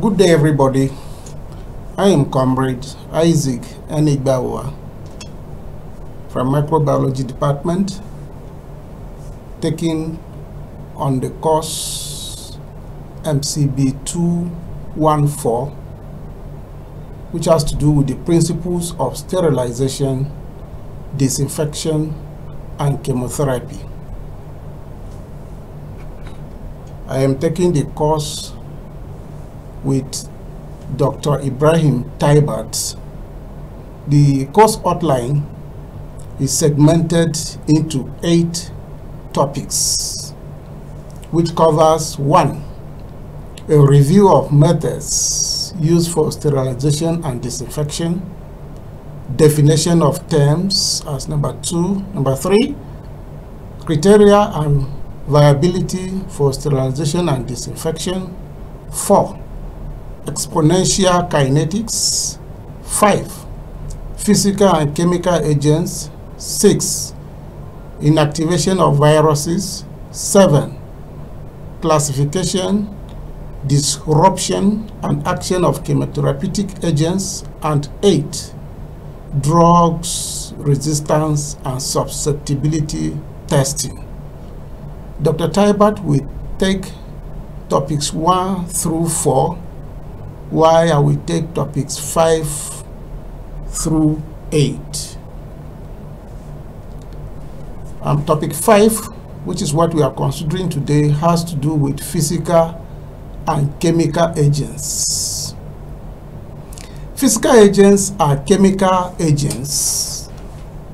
Good day, everybody. I am Comrade Isaac Enigbawa from Microbiology Department, taking on the course MCB 214, which has to do with the principles of sterilization, disinfection, and chemotherapy. I am taking the course with Dr. Ibrahim Taibat. The course outline is segmented into eight topics, which covers one, a review of methods used for sterilization and disinfection, definition of terms as number two, number three, criteria and viability for sterilization and disinfection, four, exponential kinetics 5 physical and chemical agents 6 inactivation of viruses 7 classification disruption and action of chemotherapeutic agents and 8 drugs resistance and susceptibility testing dr tybert will take topics 1 through 4 why I will take topics 5 through 8. Um, topic 5, which is what we are considering today, has to do with physical and chemical agents. Physical agents are chemical agents.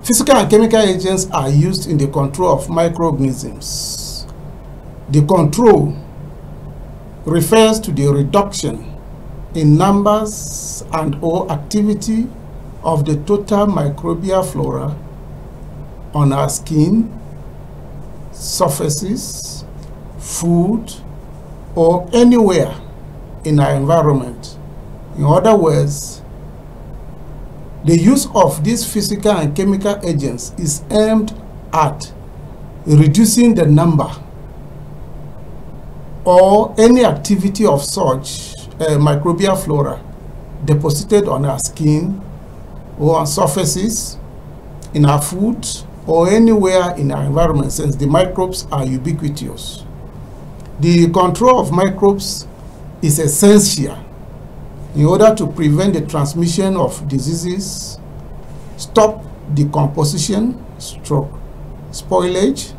Physical and chemical agents are used in the control of microorganisms. The control refers to the reduction in numbers and or activity of the total microbial flora on our skin, surfaces, food, or anywhere in our environment. In other words, the use of these physical and chemical agents is aimed at reducing the number or any activity of such uh, microbial flora deposited on our skin or on surfaces, in our food, or anywhere in our environment since the microbes are ubiquitous. The control of microbes is essential in order to prevent the transmission of diseases, stop decomposition, stroke, spoilage,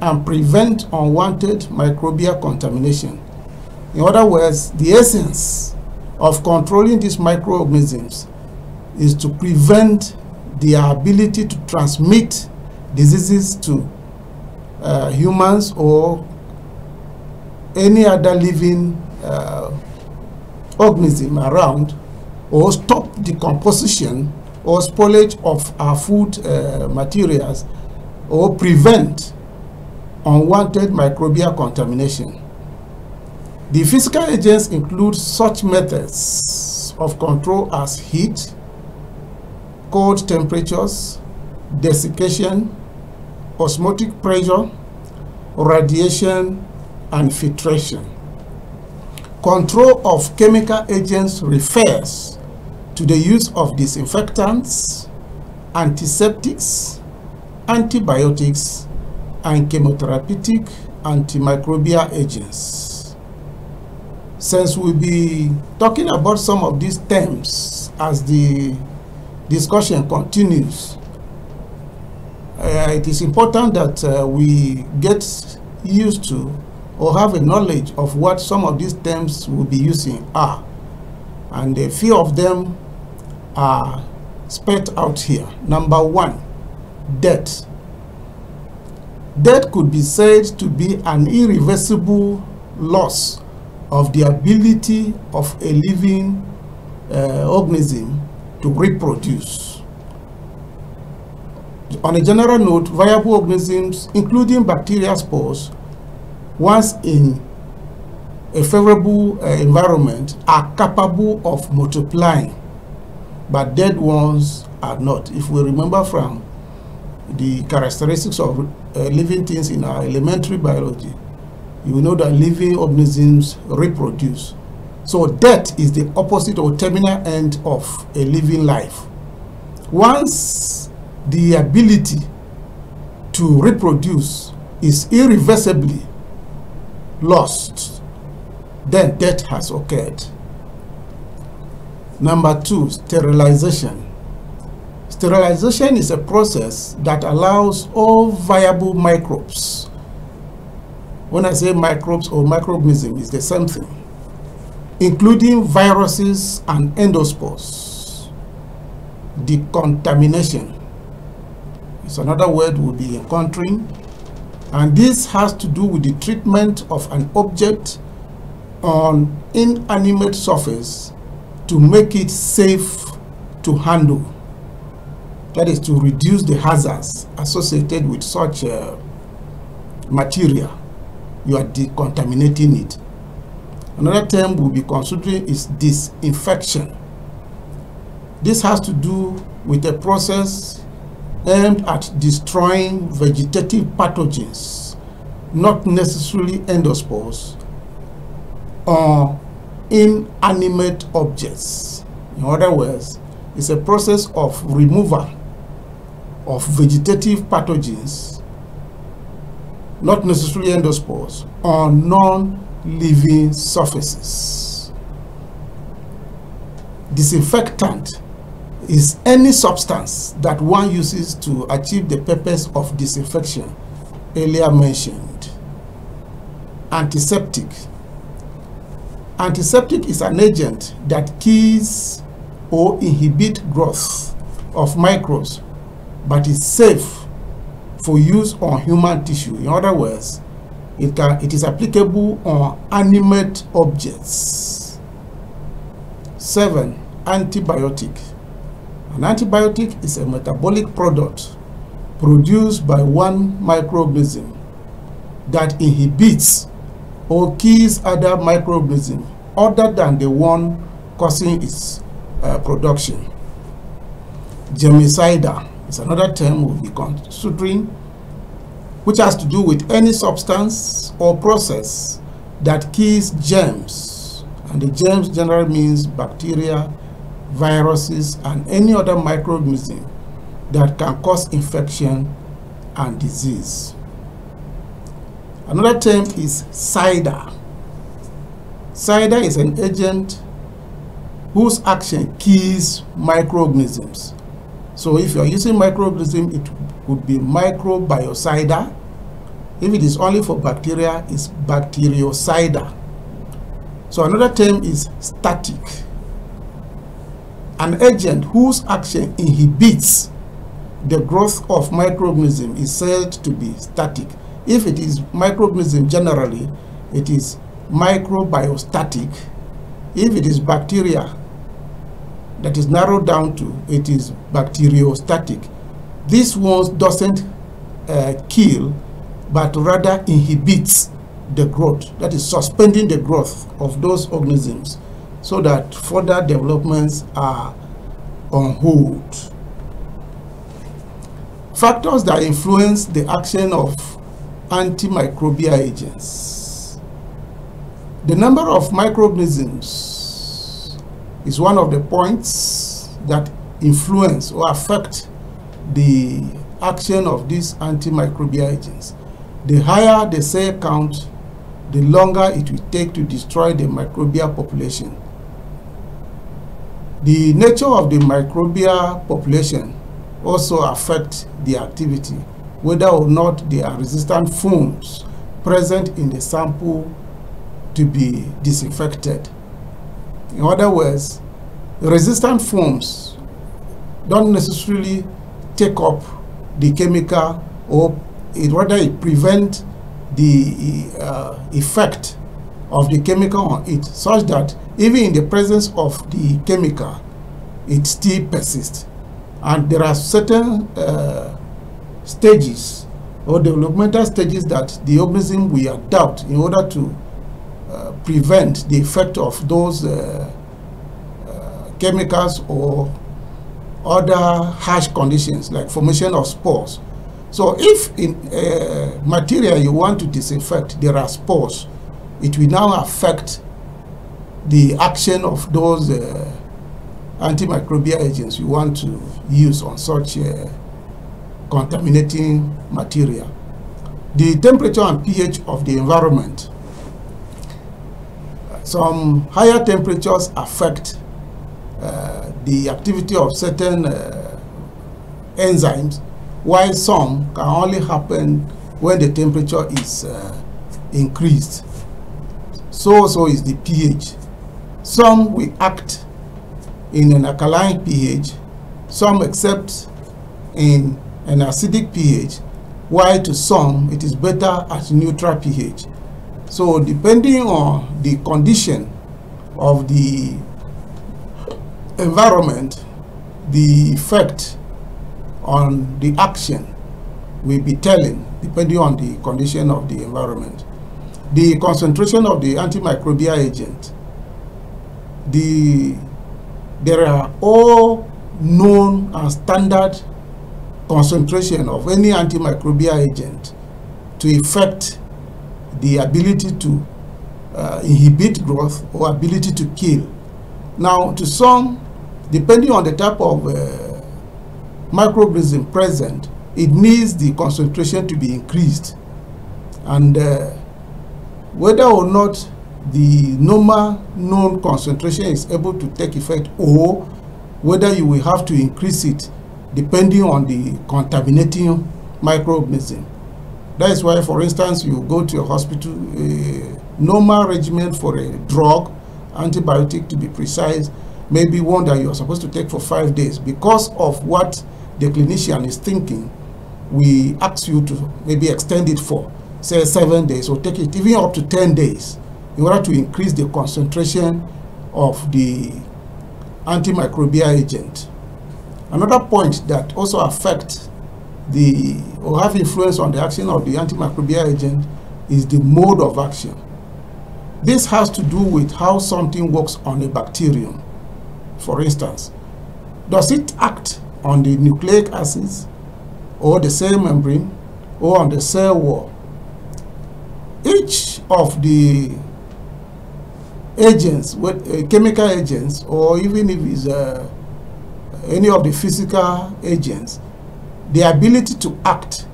and prevent unwanted microbial contamination. In other words, the essence of controlling these microorganisms is to prevent their ability to transmit diseases to uh, humans or any other living uh, organism around or stop decomposition or spoilage of our food uh, materials or prevent unwanted microbial contamination. The physical agents include such methods of control as heat, cold temperatures, desiccation, osmotic pressure, radiation, and filtration. Control of chemical agents refers to the use of disinfectants, antiseptics, antibiotics, and chemotherapeutic antimicrobial agents since we'll be talking about some of these terms as the discussion continues, uh, it is important that uh, we get used to or have a knowledge of what some of these terms we'll be using are. And a few of them are spelled out here. Number one, debt. Debt could be said to be an irreversible loss of the ability of a living uh, organism to reproduce. On a general note, viable organisms, including bacterial spores, once in a favorable uh, environment, are capable of multiplying, but dead ones are not. If we remember from the characteristics of uh, living things in our elementary biology, you know that living organisms reproduce. So death is the opposite or terminal end of a living life. Once the ability to reproduce is irreversibly lost, then death has occurred. Number two, sterilization. Sterilization is a process that allows all viable microbes when I say microbes or microorganism, it's the same thing, including viruses and endospores. Decontamination is another word we'll be encountering, and this has to do with the treatment of an object on inanimate surface to make it safe to handle. That is to reduce the hazards associated with such uh, material you are decontaminating it. Another term we'll be considering is disinfection. This has to do with a process aimed at destroying vegetative pathogens, not necessarily endospores, or inanimate objects. In other words, it's a process of removal of vegetative pathogens not necessarily endospores, on non-living surfaces. Disinfectant is any substance that one uses to achieve the purpose of disinfection earlier mentioned. Antiseptic. Antiseptic is an agent that kills or inhibits growth of microbes but is safe for use on human tissue. In other words, it, can, it is applicable on animate objects. 7. Antibiotic. An antibiotic is a metabolic product produced by one microorganism that inhibits or kills other microorganisms other than the one causing its uh, production. Germicidal is another term we'll be considering, which has to do with any substance or process that kills germs. And the germs generally means bacteria, viruses, and any other microorganism that can cause infection and disease. Another term is cider. Cider is an agent whose action kills microorganisms so if you're using microorganism, it would be microbiocida. If it is only for bacteria, it's bacteriocida. So another term is static. An agent whose action inhibits the growth of microorganism is said to be static. If it is microorganism generally, it is microbiostatic. If it is bacteria, that is narrowed down to it is bacteriostatic. This one doesn't uh, kill, but rather inhibits the growth, that is suspending the growth of those organisms so that further developments are on hold. Factors that influence the action of antimicrobial agents. The number of microorganisms is one of the points that influence or affect the action of these antimicrobial agents. The higher the cell count, the longer it will take to destroy the microbial population. The nature of the microbial population also affects the activity, whether or not there are resistant forms present in the sample to be disinfected. In other words, resistant forms don't necessarily take up the chemical or it rather it prevent the uh, effect of the chemical on it such that even in the presence of the chemical it still persists and there are certain uh, stages or developmental stages that the organism will adopt in order to prevent the effect of those uh, uh, chemicals or other harsh conditions like formation of spores. So if in uh, material you want to disinfect, there are spores, it will now affect the action of those uh, antimicrobial agents you want to use on such uh, contaminating material. The temperature and pH of the environment some higher temperatures affect uh, the activity of certain uh, enzymes, while some can only happen when the temperature is uh, increased. So, so is the pH. Some will act in an alkaline pH, some accept in an acidic pH, while to some it is better at neutral pH so depending on the condition of the environment the effect on the action will be telling depending on the condition of the environment the concentration of the antimicrobial agent the there are all known and standard concentration of any antimicrobial agent to affect the ability to uh, inhibit growth or ability to kill. Now, to some, depending on the type of uh, microorganism present, it needs the concentration to be increased. And uh, whether or not the normal known concentration is able to take effect or whether you will have to increase it depending on the contaminating microorganism. That is why, for instance, you go to a hospital, a normal regimen for a drug, antibiotic to be precise, maybe one that you are supposed to take for five days. Because of what the clinician is thinking, we ask you to maybe extend it for, say, seven days or take it even up to 10 days in order to increase the concentration of the antimicrobial agent. Another point that also affects the or have influence on the action of the antimicrobial agent is the mode of action. This has to do with how something works on a bacterium. For instance, does it act on the nucleic acids or the cell membrane or on the cell wall? Each of the agents, uh, chemical agents, or even if it's uh, any of the physical agents, the ability to act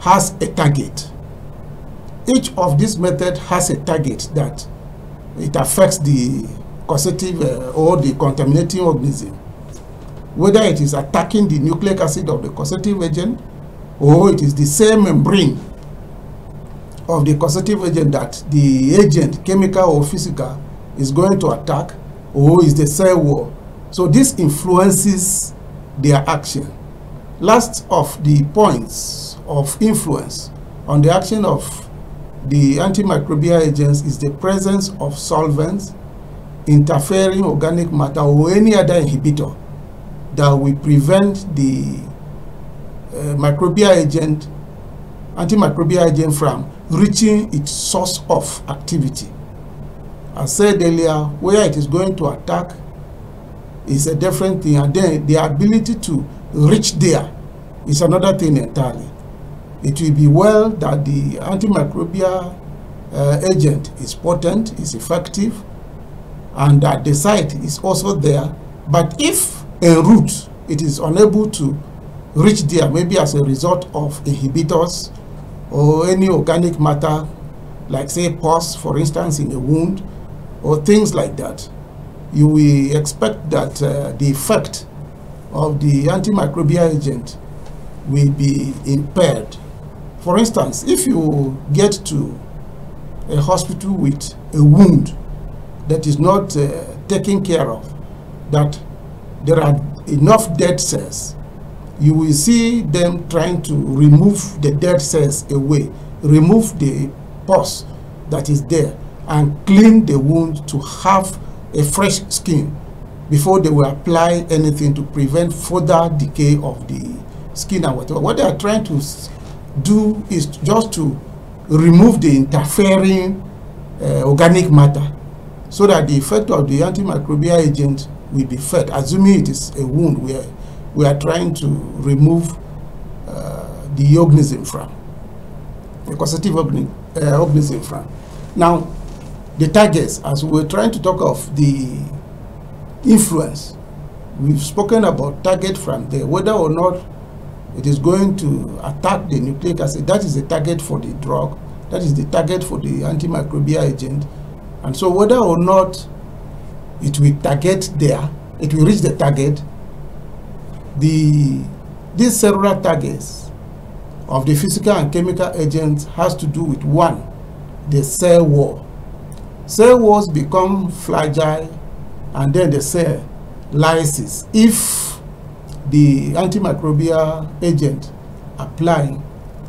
has a target. Each of these methods has a target that it affects the causative uh, or the contaminating organism. Whether it is attacking the nucleic acid of the causative agent or it is the same membrane of the causative agent that the agent, chemical or physical, is going to attack or is the cell wall. So this influences their action last of the points of influence on the action of the antimicrobial agents is the presence of solvents, interfering organic matter or any other inhibitor that will prevent the uh, microbial agent, antimicrobial agent from reaching its source of activity. As said earlier, where it is going to attack is a different thing and then the ability to reach there is another thing entirely. It will be well that the antimicrobial uh, agent is potent, is effective, and that the site is also there. But if en route it is unable to reach there, maybe as a result of inhibitors or any organic matter, like say pus, for instance, in a wound, or things like that, you will expect that uh, the effect of the antimicrobial agent will be impaired. For instance, if you get to a hospital with a wound that is not uh, taken care of, that there are enough dead cells, you will see them trying to remove the dead cells away, remove the pus that is there, and clean the wound to have a fresh skin before they will apply anything to prevent further decay of the skin and whatever. What they are trying to do is just to remove the interfering uh, organic matter so that the effect of the antimicrobial agent will be felt, assuming it is a wound where we are trying to remove uh, the organism from, the causative uh, organism from. Now, the targets, as we were trying to talk of the influence. We've spoken about target from there, whether or not it is going to attack the nucleic acid. That is the target for the drug. That is the target for the antimicrobial agent. And so whether or not it will target there, it will reach the target, the, these several targets of the physical and chemical agents has to do with one, the cell wall. Cell walls become fragile and then they say lysis if the antimicrobial agent applying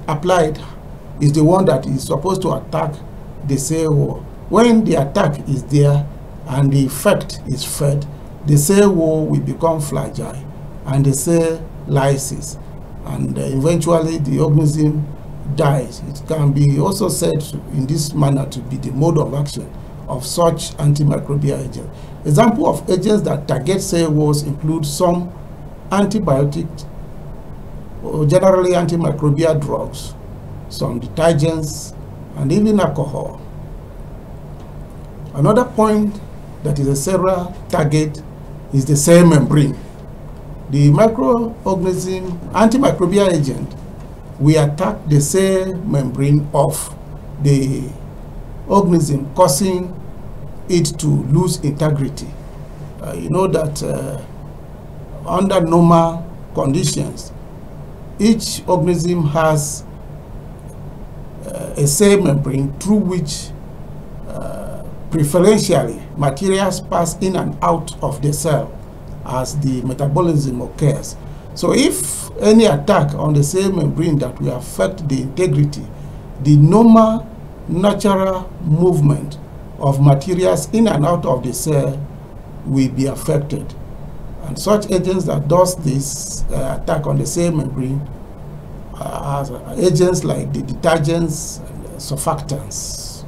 applied is the one that is supposed to attack the cell wall when the attack is there and the effect is felt the cell wall will become fragile and the cell lysis and uh, eventually the organism dies it can be also said in this manner to be the mode of action of such antimicrobial agent Example of agents that target cell walls include some antibiotics, or generally antimicrobial drugs, some detergents, and even alcohol. Another point that is a cellular target is the cell membrane. The microorganism antimicrobial agent will attack the cell membrane of the organism causing it to lose integrity. Uh, you know that uh, under normal conditions, each organism has uh, a cell membrane through which uh, preferentially materials pass in and out of the cell as the metabolism occurs. So if any attack on the cell membrane that will affect the integrity, the normal natural movement of materials in and out of the cell will be affected. And such agents that does this uh, attack on the cell membrane uh, are uh, agents like the detergents, surfactants.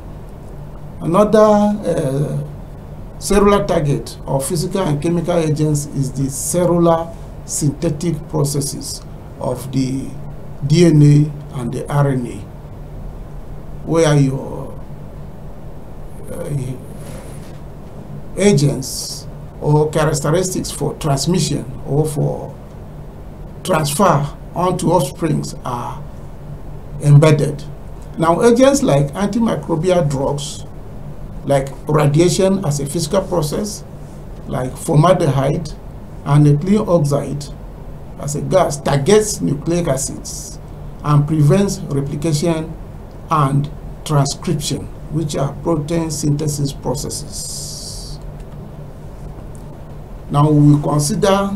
Another uh, cellular target of physical and chemical agents is the cellular synthetic processes of the DNA and the RNA, where your uh, agents or characteristics for transmission or for transfer onto offsprings are embedded. Now, agents like antimicrobial drugs, like radiation as a physical process, like formaldehyde and ethylene oxide as a gas, targets nucleic acids and prevents replication and transcription which are protein synthesis processes. Now we consider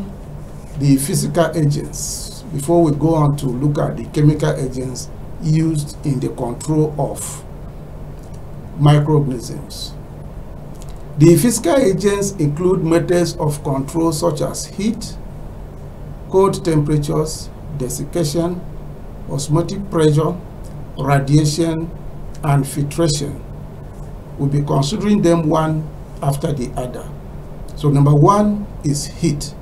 the physical agents before we go on to look at the chemical agents used in the control of microorganisms. The physical agents include methods of control such as heat, cold temperatures, desiccation, osmotic pressure, radiation, and filtration. We'll be considering them one after the other. So number one is heat.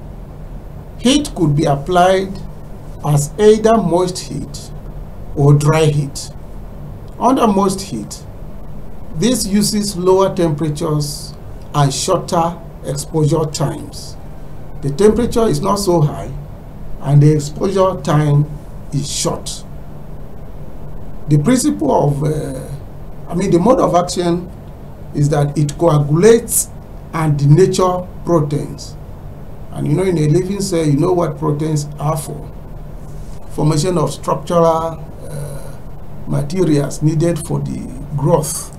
Heat could be applied as either moist heat or dry heat. Under moist heat, this uses lower temperatures and shorter exposure times. The temperature is not so high and the exposure time is short. The principle of uh, I mean, the mode of action is that it coagulates and denature proteins. And you know, in a living cell, you know what proteins are for. Formation of structural uh, materials needed for the growth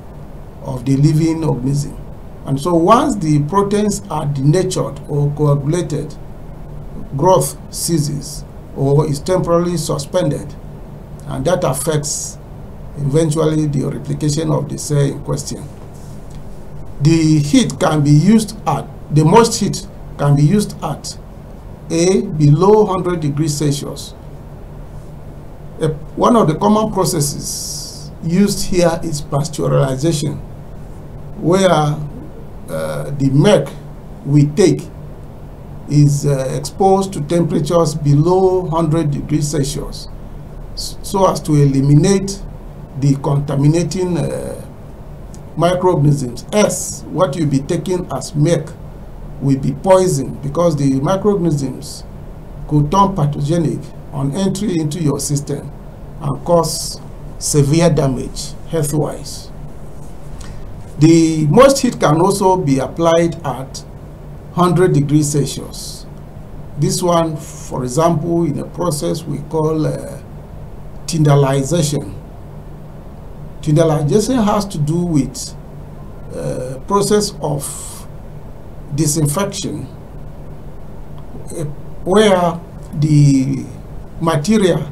of the living organism. And so once the proteins are denatured or coagulated, growth ceases or is temporarily suspended. And that affects eventually the replication of the cell in question. The heat can be used at, the most heat can be used at A, below 100 degrees Celsius. A, one of the common processes used here is pasteurization, where uh, the milk we take is uh, exposed to temperatures below 100 degrees Celsius so as to eliminate the contaminating uh, microorganisms. S, what you'll be taking as milk will be poison because the microorganisms could turn pathogenic on entry into your system and cause severe damage health-wise. The most heat can also be applied at 100 degrees Celsius. This one, for example, in a process we call uh, tindalization Tunelization has to do with uh, process of disinfection uh, where the material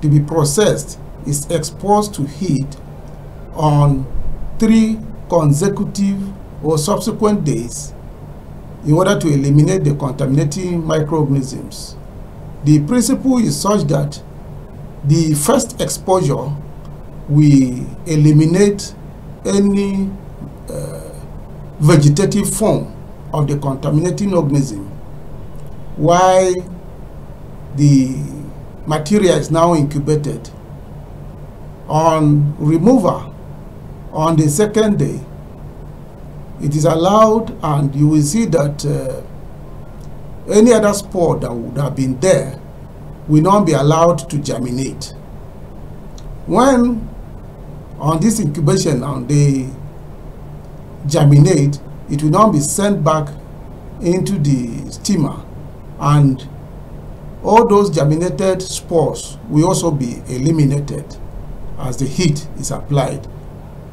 to be processed is exposed to heat on three consecutive or subsequent days in order to eliminate the contaminating microorganisms. The principle is such that the first exposure we eliminate any uh, vegetative form of the contaminating organism while the material is now incubated on removal on the second day it is allowed and you will see that uh, any other spore that would have been there will not be allowed to germinate when on this incubation and they germinate, it will now be sent back into the steamer and all those germinated spores will also be eliminated as the heat is applied.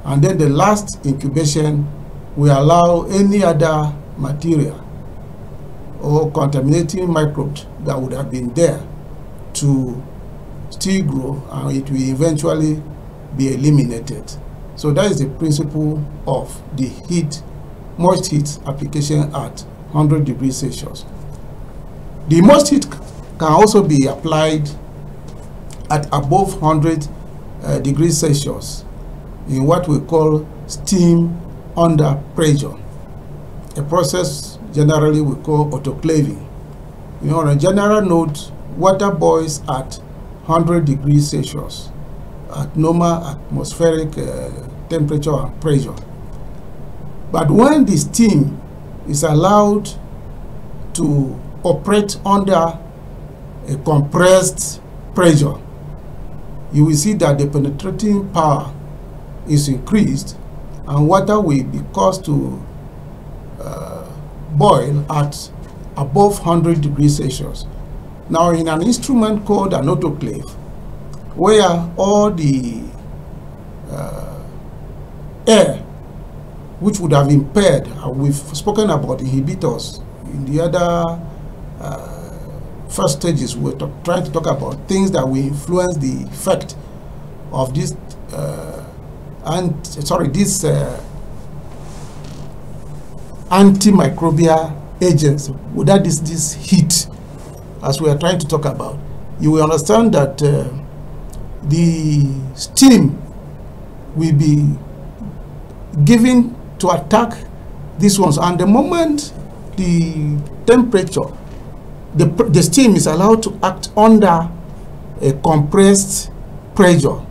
And then the last incubation will allow any other material or contaminating microbes that would have been there to still grow and it will eventually be eliminated. So that is the principle of the heat, moist heat application at 100 degrees Celsius. The moist heat can also be applied at above 100 uh, degrees Celsius in what we call steam under pressure, a process generally we call autoclaving. You know, on a general note, water boils at 100 degrees Celsius at normal atmospheric uh, temperature and pressure. But when the steam is allowed to operate under a compressed pressure, you will see that the penetrating power is increased and water will be caused to uh, boil at above 100 degrees Celsius. Now in an instrument called an autoclave, where all the uh, air which would have impaired, uh, we've spoken about inhibitors in the other uh, first stages, we are trying to talk about things that will influence the effect of this uh, and sorry, this uh, antimicrobial agents without this this heat as we are trying to talk about you will understand that uh, the steam will be given to attack these ones and the moment the temperature the, the steam is allowed to act under a compressed pressure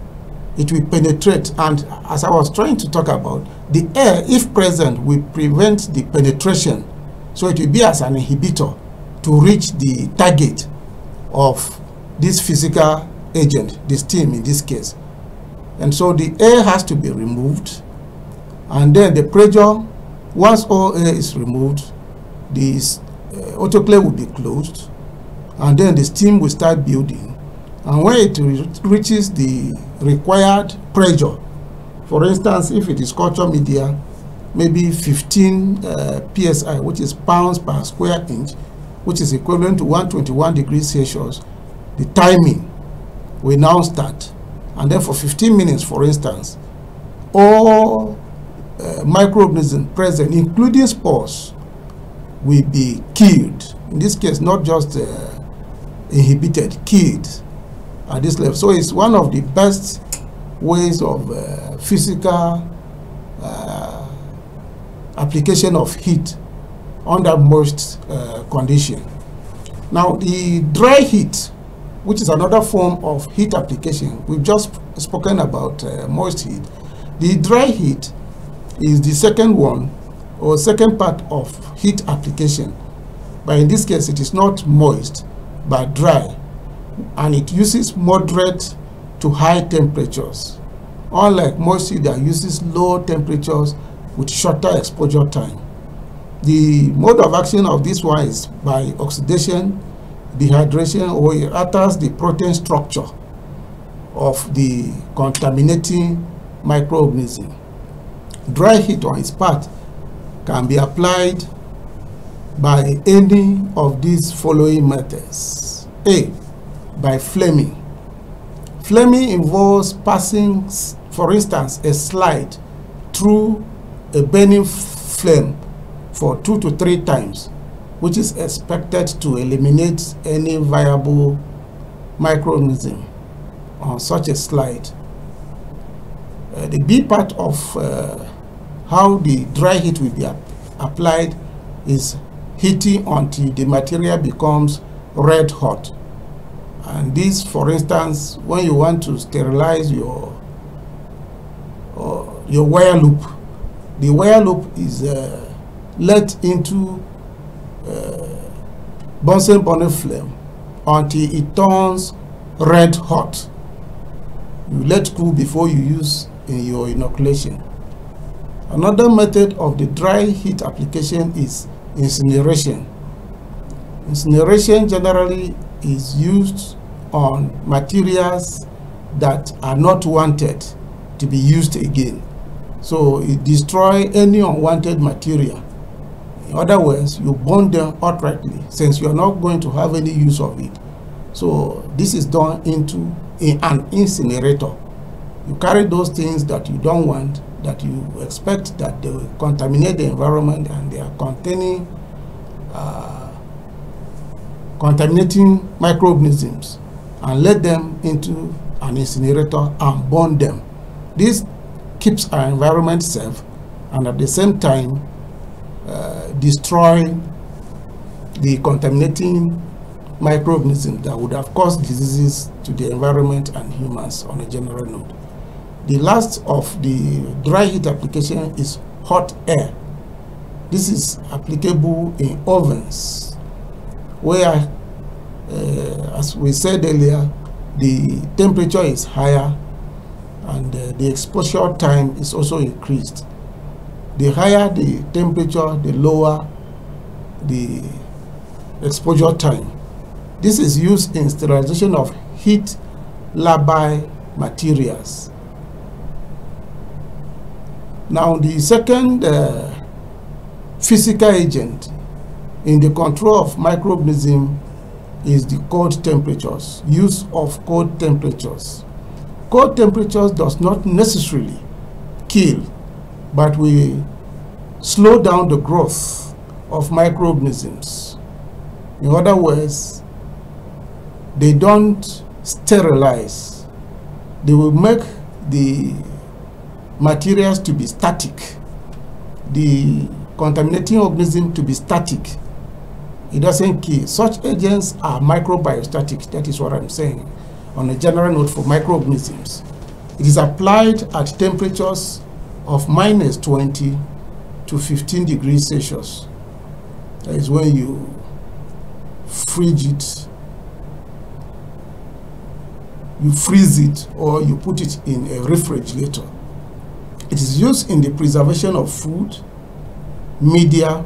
it will penetrate and as i was trying to talk about the air if present will prevent the penetration so it will be as an inhibitor to reach the target of this physical agent, this team in this case. And so the air has to be removed. And then the pressure, once all air is removed, this uh, autoclave will be closed. And then the steam will start building. And when it re reaches the required pressure, for instance, if it is culture media, maybe 15 uh, psi, which is pounds per square inch, which is equivalent to 121 degrees Celsius, the timing we now start. And then for 15 minutes, for instance, all uh, microorganisms present, including spores, will be killed. In this case, not just uh, inhibited, killed at this level. So it's one of the best ways of uh, physical uh, application of heat under most uh, condition. Now, the dry heat which is another form of heat application. We've just spoken about uh, moist heat. The dry heat is the second one or second part of heat application. But in this case, it is not moist, but dry. And it uses moderate to high temperatures, unlike moist heat that uses low temperatures with shorter exposure time. The mode of action of this one is by oxidation dehydration or it alters the protein structure of the contaminating microorganism. Dry heat on its part can be applied by any of these following methods. A. By flaming. Flaming involves passing, for instance, a slide through a burning flame for two to three times which is expected to eliminate any viable microorganism on such a slide. Uh, the B part of uh, how the dry heat will be ap applied is heating until the material becomes red hot. And this, for instance, when you want to sterilize your uh, your wire loop, the wire loop is uh, let into Bunsen burning flame until it turns red hot. You let cool before you use in your inoculation. Another method of the dry heat application is incineration. Incineration generally is used on materials that are not wanted to be used again. So it destroys any unwanted material in other words, you burn them outrightly since you're not going to have any use of it. So this is done into an incinerator. You carry those things that you don't want, that you expect that they will contaminate the environment and they are containing, uh, contaminating microorganisms and let them into an incinerator and burn them. This keeps our environment safe and at the same time uh, destroy the contaminating microorganisms that would have caused diseases to the environment and humans on a general note. The last of the dry heat application is hot air. This is applicable in ovens where, uh, as we said earlier, the temperature is higher and uh, the exposure time is also increased. The higher the temperature, the lower the exposure time. This is used in sterilization of heat labile materials. Now the second uh, physical agent in the control of microorganism is the cold temperatures, use of cold temperatures. Cold temperatures does not necessarily kill but we slow down the growth of microorganisms. In other words, they don't sterilize. They will make the materials to be static, the contaminating organism to be static. It doesn't kill. Such agents are microbiostatic. That is what I'm saying on a general note for microorganisms. It is applied at temperatures of minus 20 to 15 degrees Celsius. That is when you freeze it, you freeze it or you put it in a refrigerator. It is used in the preservation of food, media,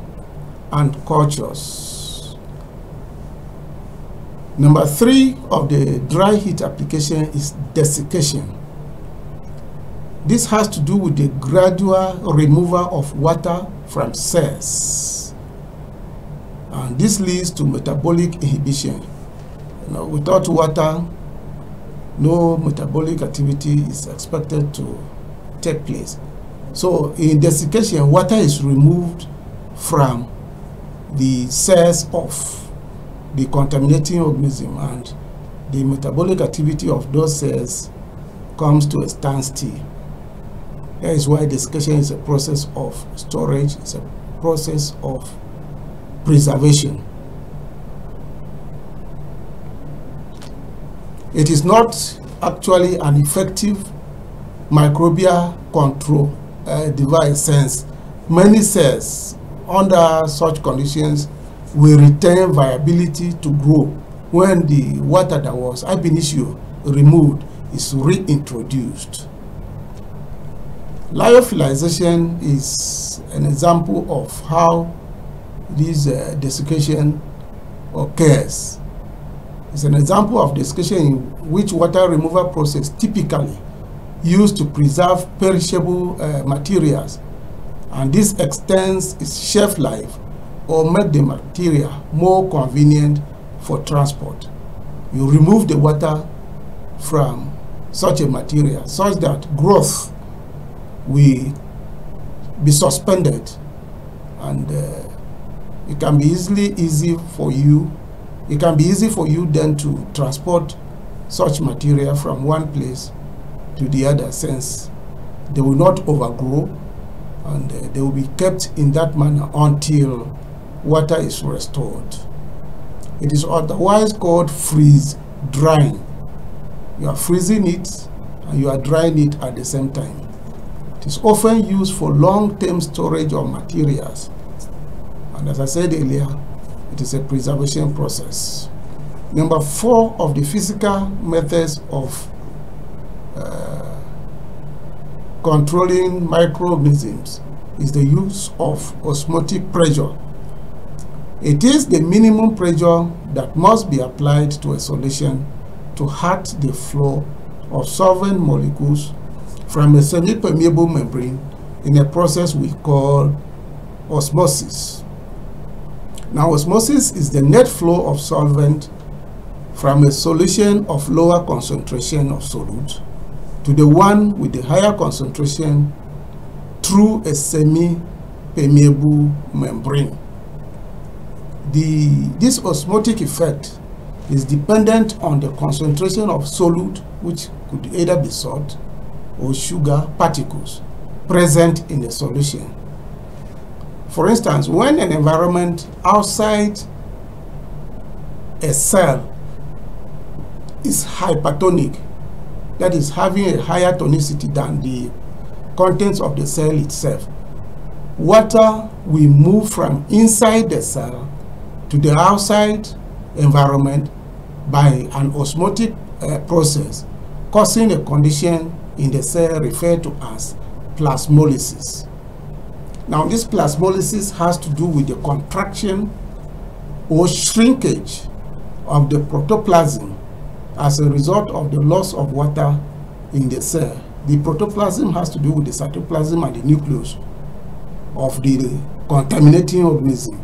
and cultures. Number three of the dry heat application is desiccation. This has to do with the gradual removal of water from cells. And this leads to metabolic inhibition. Now, without water, no metabolic activity is expected to take place. So in desiccation, water is removed from the cells of the contaminating organism and the metabolic activity of those cells comes to a standstill. That is why discussion is a process of storage, it's a process of preservation. It is not actually an effective microbial control uh, device since many cells under such conditions will retain viability to grow when the water that was ab initio removed is reintroduced. Lyophilization is an example of how this uh, desiccation occurs. It's an example of desiccation in which water removal process typically used to preserve perishable uh, materials and this extends its shelf life or make the material more convenient for transport. You remove the water from such a material such that growth we be suspended and uh, it can be easily easy for you it can be easy for you then to transport such material from one place to the other since they will not overgrow and uh, they will be kept in that manner until water is restored. It is otherwise called freeze drying. You are freezing it and you are drying it at the same time. It is often used for long-term storage of materials. And as I said earlier, it is a preservation process. Number four of the physical methods of uh, controlling microorganisms is the use of osmotic pressure. It is the minimum pressure that must be applied to a solution to halt the flow of solvent molecules from a semi-permeable membrane in a process we call osmosis. Now osmosis is the net flow of solvent from a solution of lower concentration of solute to the one with the higher concentration through a semi-permeable membrane. The, this osmotic effect is dependent on the concentration of solute, which could either be salt, or sugar particles present in the solution. For instance, when an environment outside a cell is hypertonic, that is having a higher tonicity than the contents of the cell itself, water will move from inside the cell to the outside environment by an osmotic uh, process, causing a condition in the cell referred to as plasmolysis. Now this plasmolysis has to do with the contraction or shrinkage of the protoplasm as a result of the loss of water in the cell. The protoplasm has to do with the cytoplasm and the nucleus of the contaminating organism.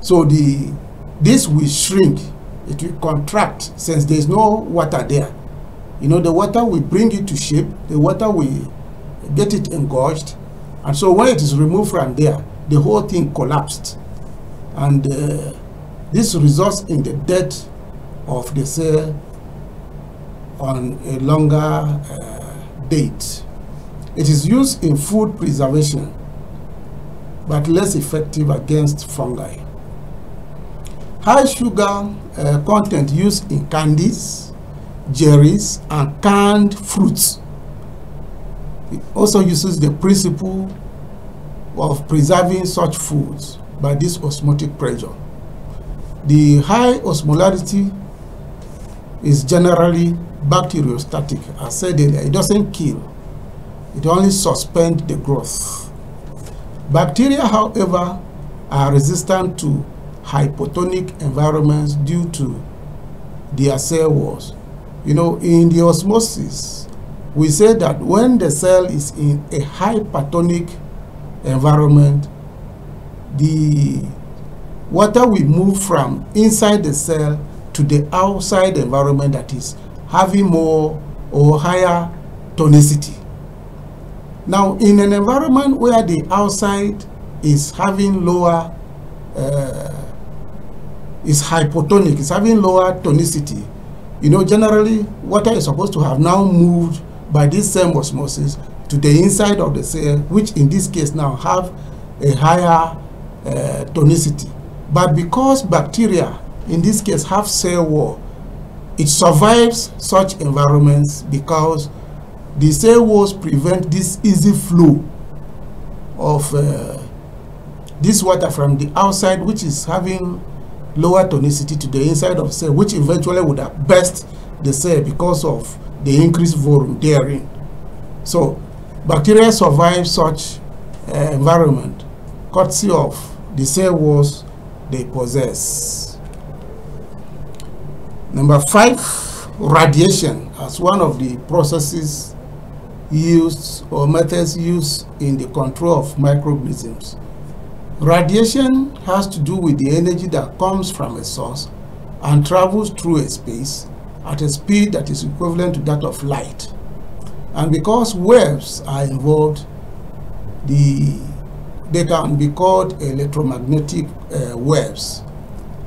So the this will shrink, it will contract since there is no water there. You know, the water will bring it to shape, the water will get it engorged. And so when it is removed from there, the whole thing collapsed. And uh, this results in the death of the cell on a longer uh, date. It is used in food preservation, but less effective against fungi. High sugar uh, content used in candies, jellies, and canned fruits. He also uses the principle of preserving such foods by this osmotic pressure. The high osmolarity is generally bacteriostatic. I said earlier, it doesn't kill. It only suspends the growth. Bacteria, however, are resistant to hypotonic environments due to their cell walls you know, in the osmosis, we say that when the cell is in a hypertonic environment, the water will move from inside the cell to the outside environment that is having more or higher tonicity. Now, in an environment where the outside is having lower, uh, is hypotonic, is having lower tonicity, you know, generally, water is supposed to have now moved by this same osmosis to the inside of the cell, which in this case now have a higher uh, tonicity. But because bacteria, in this case, have cell wall, it survives such environments because the cell walls prevent this easy flow of uh, this water from the outside, which is having lower tonicity to the inside of cell, which eventually would have burst the cell because of the increased volume therein. So bacteria survive such uh, environment courtesy of the cell walls they possess. Number five, radiation as one of the processes used or methods used in the control of microorganisms. Radiation has to do with the energy that comes from a source and travels through a space at a speed that is equivalent to that of light. And because waves are involved, the, they can be called electromagnetic uh, waves.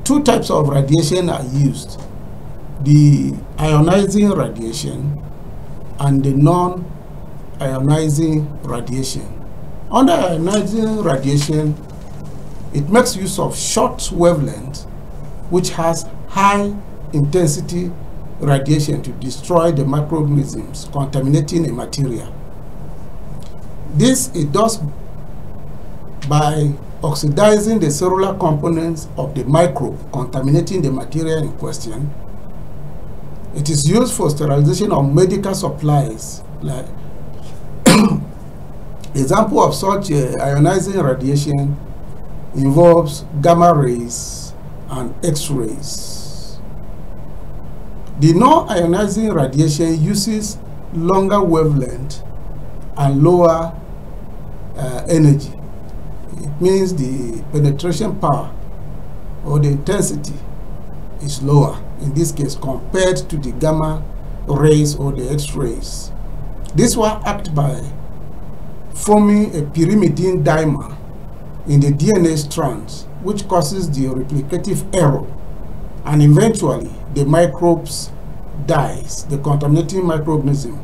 Two types of radiation are used, the ionizing radiation and the non-ionizing radiation. Under ionizing radiation, it makes use of short wavelength, which has high intensity radiation to destroy the microorganisms contaminating a material. This it does by oxidizing the cellular components of the microbe contaminating the material in question. It is used for sterilization of medical supplies. Like example of such uh, ionizing radiation involves gamma rays and X-rays. The non-ionizing radiation uses longer wavelength and lower uh, energy. It means the penetration power or the intensity is lower in this case compared to the gamma rays or the x-rays. This one act by forming a pyrimidine dimer in the DNA strands, which causes the replicative error. And eventually, the microbes dies, the contaminating microorganism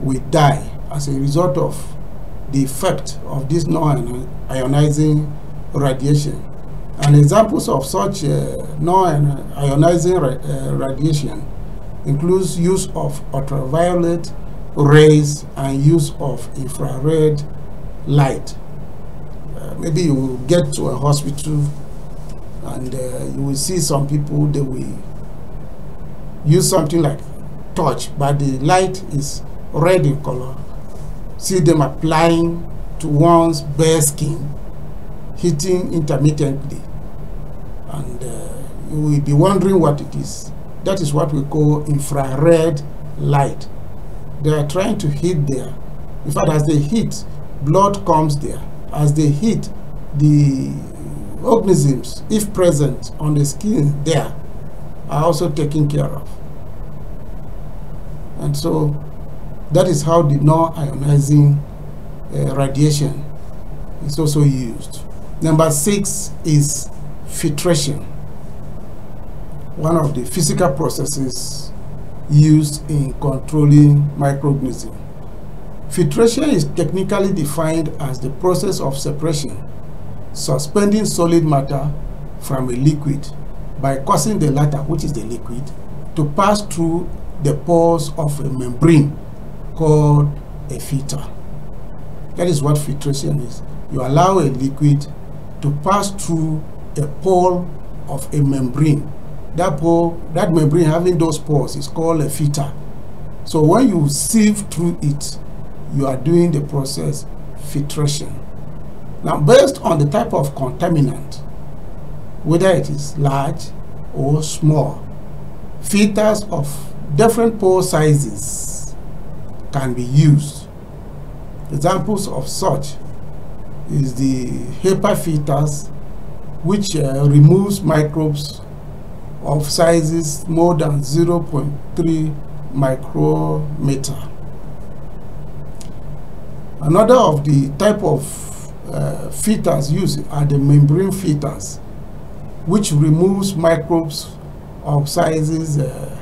will die as a result of the effect of this non-ionizing radiation. And examples of such uh, non-ionizing ra uh, radiation includes use of ultraviolet rays and use of infrared light maybe you get to a hospital and uh, you will see some people they will use something like torch but the light is red in color see them applying to one's bare skin hitting intermittently and uh, you will be wondering what it is that is what we call infrared light they are trying to hit there in fact as they hit blood comes there as they hit the organisms, if present on the skin there, are also taken care of. And so that is how the non-ionizing uh, radiation is also used. Number six is filtration, one of the physical processes used in controlling microorganisms. Filtration is technically defined as the process of separation, suspending solid matter from a liquid by causing the latter, which is the liquid, to pass through the pores of a membrane called a filter. That is what filtration is. You allow a liquid to pass through a pore of a membrane. That pore, that membrane having those pores is called a filter. So when you sieve through it, you are doing the process filtration. Now, based on the type of contaminant, whether it is large or small, filters of different pore sizes can be used. Examples of such is the HEPA filters, which uh, removes microbes of sizes more than 0.3 micrometer. Another of the type of uh, filters used are the membrane filters, which removes microbes of sizes uh,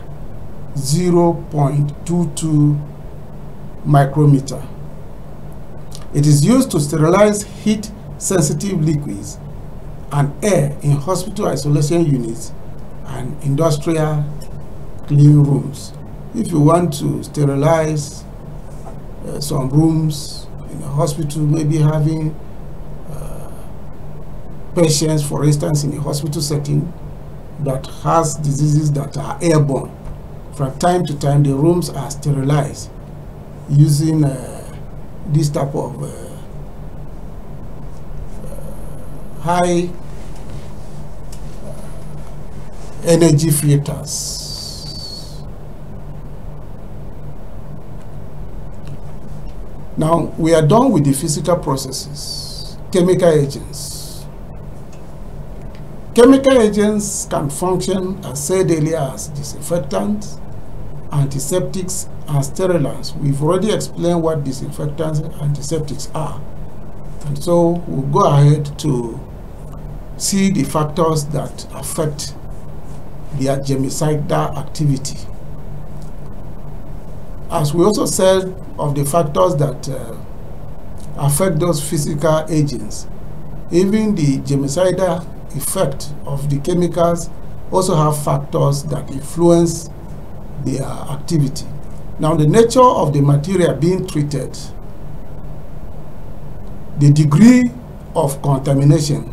0.22 micrometer. It is used to sterilize heat-sensitive liquids and air in hospital isolation units and industrial clean rooms. If you want to sterilize uh, some rooms hospital maybe having uh, patients, for instance, in a hospital setting that has diseases that are airborne. From time to time, the rooms are sterilized using uh, this type of uh, uh high uh, energy filters. Now, we are done with the physical processes, chemical agents. Chemical agents can function, as said earlier, as disinfectants, antiseptics, and sterilants. We've already explained what disinfectants and antiseptics are. And so we'll go ahead to see the factors that affect the germicidal activity as we also said of the factors that uh, affect those physical agents, even the germicidal effect of the chemicals also have factors that influence their activity. Now the nature of the material being treated, the degree of contamination,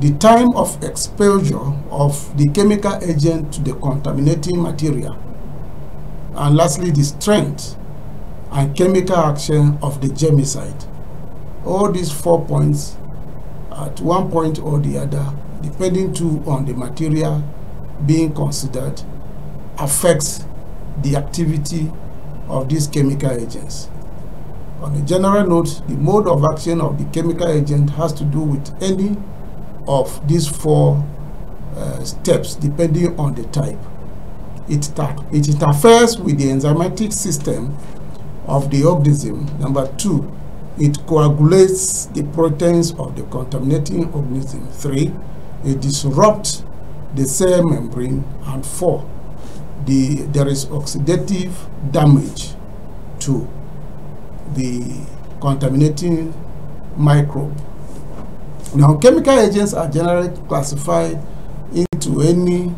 the time of exposure of the chemical agent to the contaminating material, and lastly, the strength and chemical action of the germicide. All these four points at one point or the other, depending too on the material being considered, affects the activity of these chemical agents. On a general note, the mode of action of the chemical agent has to do with any of these four uh, steps depending on the type it, it interferes with the enzymatic system of the organism. Number two, it coagulates the proteins of the contaminating organism. Three, it disrupts the cell membrane. And four, the, there is oxidative damage to the contaminating microbe. Now, chemical agents are generally classified into any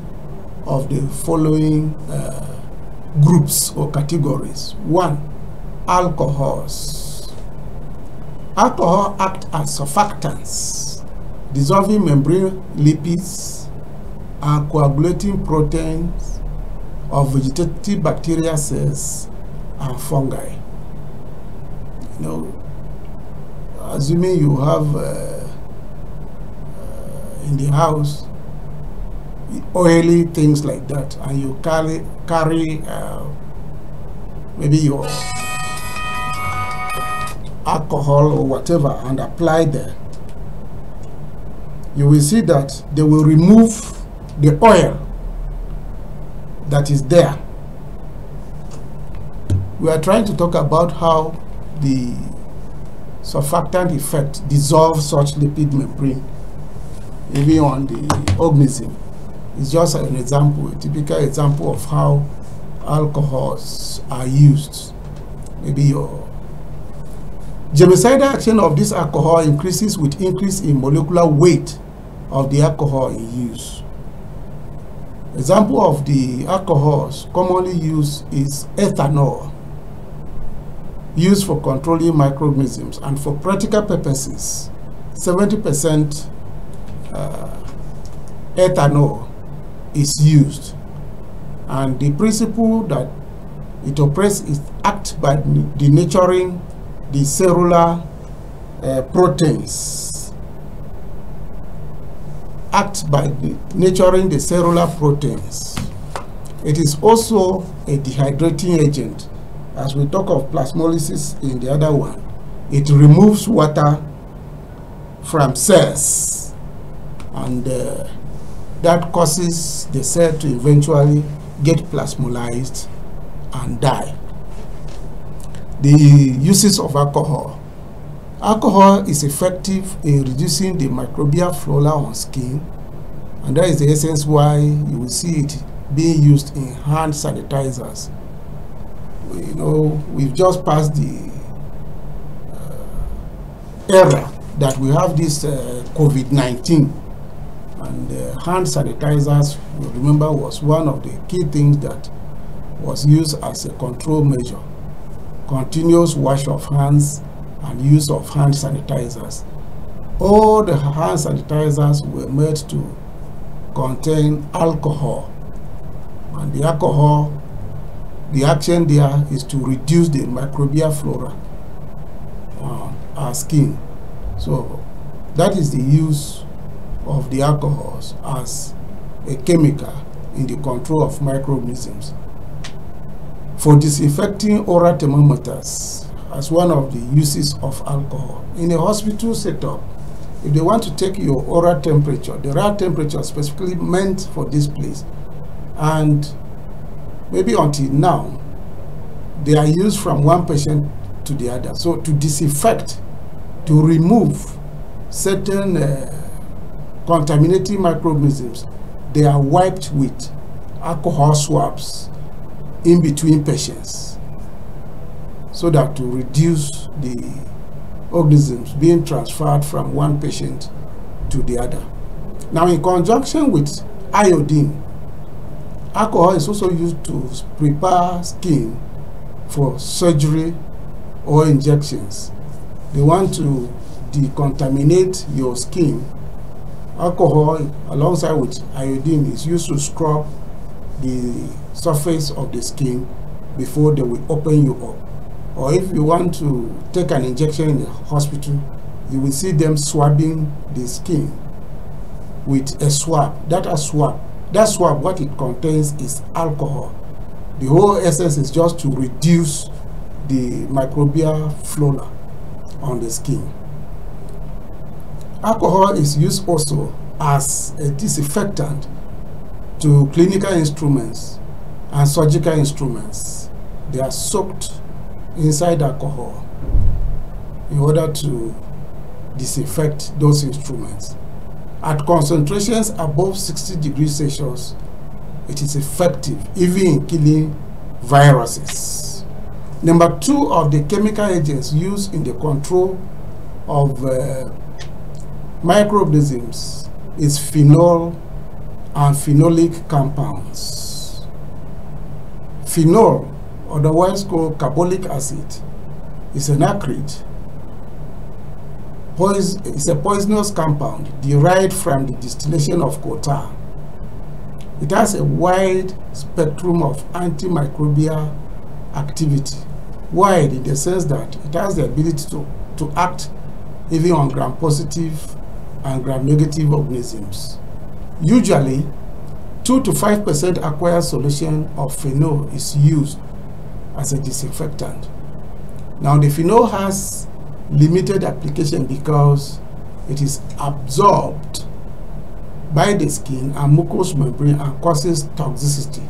of the following uh, groups or categories. One, alcohols. Alcohol act as surfactants, dissolving membrane lipids and coagulating proteins of vegetative bacteria cells and fungi. You know, assuming you have uh, uh, in the house oily things like that and you carry carry uh, maybe your alcohol or whatever and apply there you will see that they will remove the oil that is there we are trying to talk about how the surfactant effect dissolves such lipid membrane even on the organism it's just an example, a typical example of how alcohols are used. Maybe your germicidal action of this alcohol increases with increase in molecular weight of the alcohol in use. Example of the alcohols commonly used is ethanol, used for controlling microorganisms and for practical purposes, 70% uh, ethanol is used and the principle that it operates is act by denaturing the cellular uh, proteins act by denaturing the cellular proteins it is also a dehydrating agent as we talk of plasmolysis in the other one it removes water from cells and uh, that causes the cell to eventually get plasmolysed and die. The uses of alcohol. Alcohol is effective in reducing the microbial flora on skin and that is the essence why you will see it being used in hand sanitizers. You know, we've just passed the uh, era that we have this uh, COVID-19 and uh, hand sanitizers you remember was one of the key things that was used as a control measure continuous wash of hands and use of hand sanitizers all the hand sanitizers were made to contain alcohol and the alcohol the action there is to reduce the microbial flora on uh, our skin so that is the use of the alcohols as a chemical in the control of microorganisms. For disinfecting oral thermometers as one of the uses of alcohol. In a hospital setup, if they want to take your oral temperature, the oral temperature specifically meant for this place, and maybe until now, they are used from one patient to the other. So to disinfect, to remove certain uh, contaminating microorganisms, they are wiped with alcohol swabs in between patients so that to reduce the organisms being transferred from one patient to the other. Now in conjunction with iodine, alcohol is also used to prepare skin for surgery or injections. They want to decontaminate your skin Alcohol alongside with iodine is used to scrub the surface of the skin before they will open you up. Or if you want to take an injection in the hospital, you will see them swabbing the skin with a swab. That a swab. That swab, what it contains is alcohol. The whole essence is just to reduce the microbial flora on the skin. Alcohol is used also as a disinfectant to clinical instruments and surgical instruments. They are soaked inside alcohol in order to disinfect those instruments. At concentrations above 60 degrees Celsius, it is effective even in killing viruses. Number two of the chemical agents used in the control of uh, microorganisms is phenol and phenolic compounds. Phenol, otherwise called carbolic acid, is an acrid. Poison, it's a poisonous compound derived from the distillation of coal It has a wide spectrum of antimicrobial activity. Wide in the sense that it has the ability to, to act even on gram-positive and gram-negative organisms. Usually, 2 to 5% aqueous solution of phenol is used as a disinfectant. Now the phenol has limited application because it is absorbed by the skin and mucous membrane and causes toxicity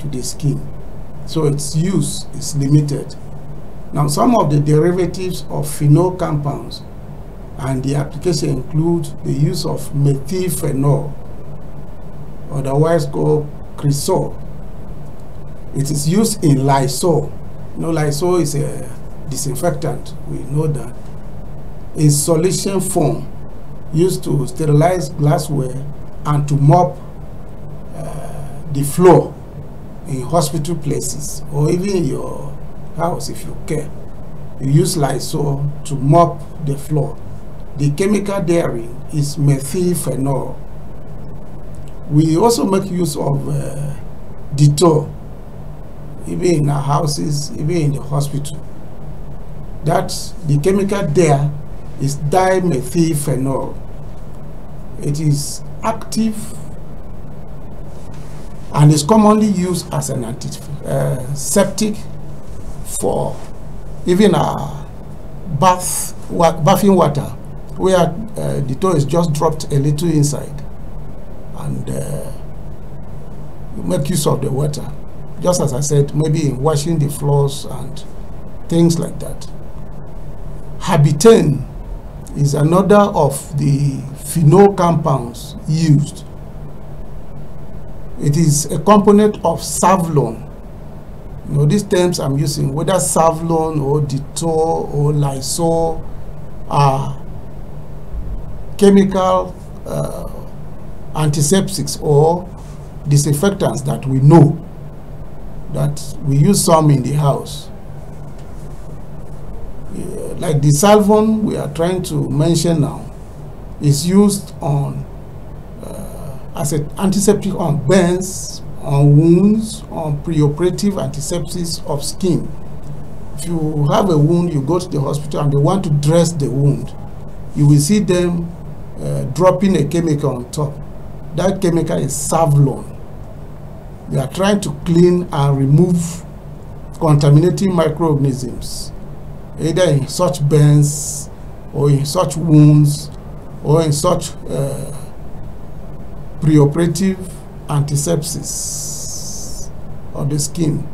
to the skin. So its use is limited. Now some of the derivatives of phenol compounds and the application includes the use of methylphenol, otherwise called cresol. It is used in Lysol. You know, Lysol is a disinfectant, we know that. In solution form, used to sterilize glassware and to mop uh, the floor in hospital places or even in your house if you care. You use Lysol to mop the floor the chemical dairy is methylphenol. We also make use of uh, even in our houses, even in the hospital. That the chemical there is dimethylphenol. It is active and is commonly used as an antiseptic uh, for even a bath, bathing water where uh, the toe is just dropped a little inside and uh, make use of the water just as I said maybe in washing the floors and things like that Habitain is another of the phenol compounds used it is a component of savlon you know these terms I'm using whether savlon or detor or lysol are chemical uh, antiseptics or disinfectants that we know that we use some in the house. like the salvon we are trying to mention now is used on uh, as an antiseptic on burns, on wounds, on preoperative antiseptics of skin. If you have a wound, you go to the hospital and they want to dress the wound. You will see them uh, dropping a chemical on top. That chemical is Savlon. They are trying to clean and remove contaminating microorganisms, either in such burns or in such wounds or in such uh, preoperative antisepsis of the skin.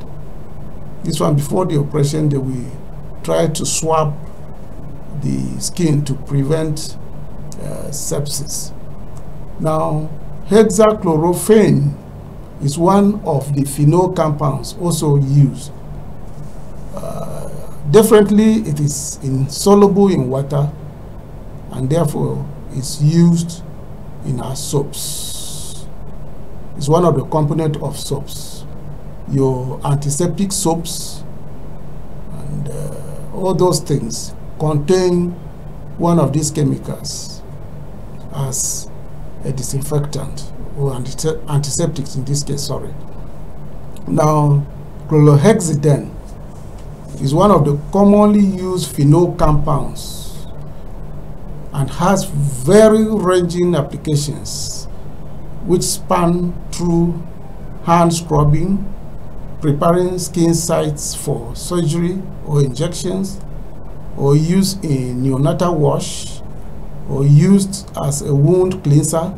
This one before the operation they will try to swab the skin to prevent uh, sepsis. Now, hexachlorophane is one of the phenol compounds also used. Uh, differently, it is insoluble in water and therefore is used in our soaps. It's one of the component of soaps. Your antiseptic soaps and uh, all those things contain one of these chemicals as a disinfectant or antiseptics in this case, sorry. Now, chlorhexidine is one of the commonly used phenol compounds and has very ranging applications which span through hand scrubbing, preparing skin sites for surgery or injections, or use in neonatal wash, or used as a wound cleanser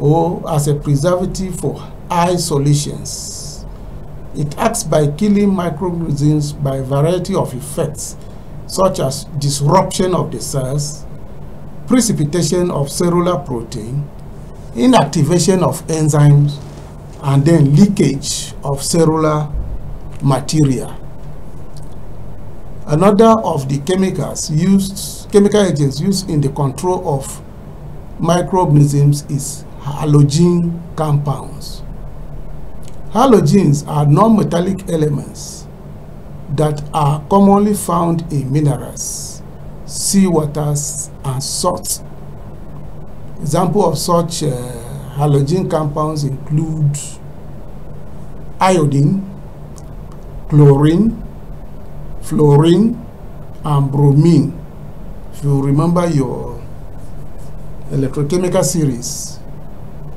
or as a preservative for eye solutions. It acts by killing microorganisms by a variety of effects such as disruption of the cells, precipitation of cellular protein, inactivation of enzymes, and then leakage of cellular material. Another of the chemicals used chemical agents used in the control of microorganisms is halogen compounds. Halogens are non-metallic elements that are commonly found in minerals, seawaters, and salts. Example of such uh, halogen compounds include iodine, chlorine, fluorine, and bromine. If you remember your electrochemical series,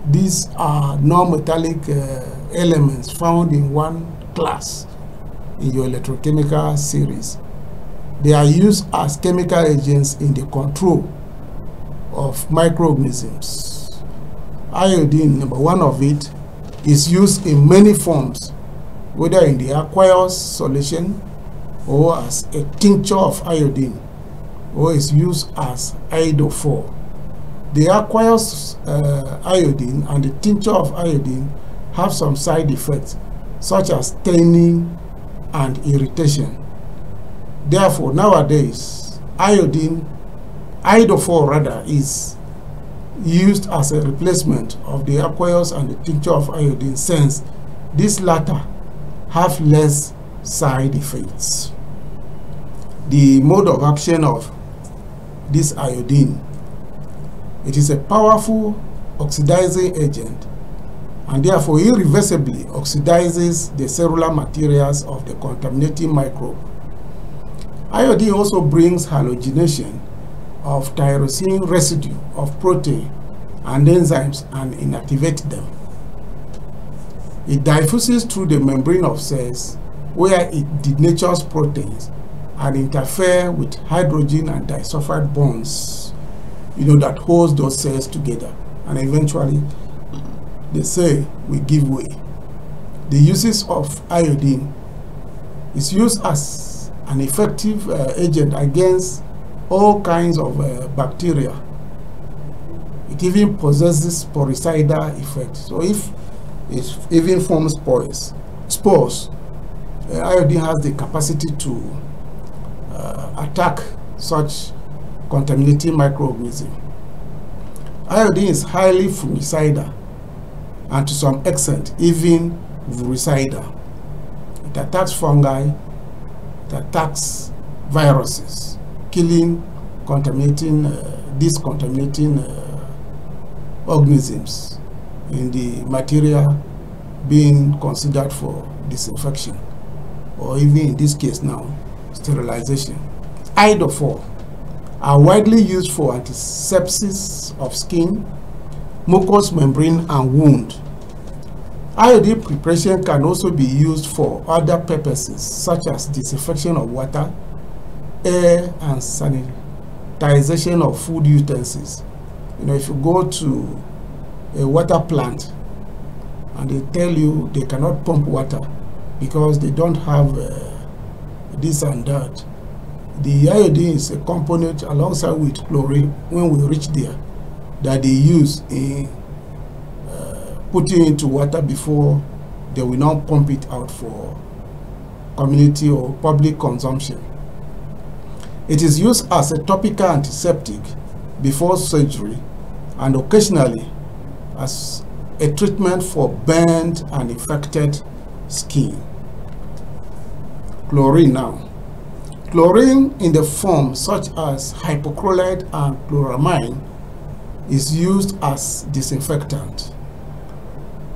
these are non-metallic uh, elements found in one class in your electrochemical series. They are used as chemical agents in the control of microorganisms. Iodine, number one of it, is used in many forms, whether in the aqueous solution or as a tincture of iodine or is used as iodine for. The aqueous uh, iodine and the tincture of iodine have some side effects such as staining and irritation. Therefore, nowadays, iodine, iodophore rather, is used as a replacement of the aqueous and the tincture of iodine since these latter have less side effects. The mode of action of this iodine. It is a powerful oxidizing agent and therefore irreversibly oxidizes the cellular materials of the contaminating microbe. Iodine also brings halogenation of tyrosine residue of protein and enzymes and inactivate them. It diffuses through the membrane of cells where it denatures proteins and interfere with hydrogen and disulfide bonds, you know, that holds those cells together. And eventually, the cell will give way. The uses of iodine is used as an effective uh, agent against all kinds of uh, bacteria. It even possesses poricidal effect. So if it even forms spores, spores uh, iodine has the capacity to uh, attack such contaminating microorganisms. Iodine is highly fungicidal and to some extent even virucidal. It attacks fungi, it attacks viruses, killing contaminating, uh, discontaminating uh, organisms in the material being considered for disinfection or even in this case now sterilization. Iodophore are widely used for antisepsis of skin, mucous membrane, and wound. Iodine preparation can also be used for other purposes such as disinfection of water, air, and sanitization of food utensils. You know, if you go to a water plant and they tell you they cannot pump water because they don't have uh, this and that. The iodine is a component alongside with chlorine when we reach there that they use in uh, putting into water before they will now pump it out for community or public consumption. It is used as a topical antiseptic before surgery and occasionally as a treatment for burned and infected skin chlorine now. Chlorine in the form such as hypochlorite and chloramine is used as disinfectant.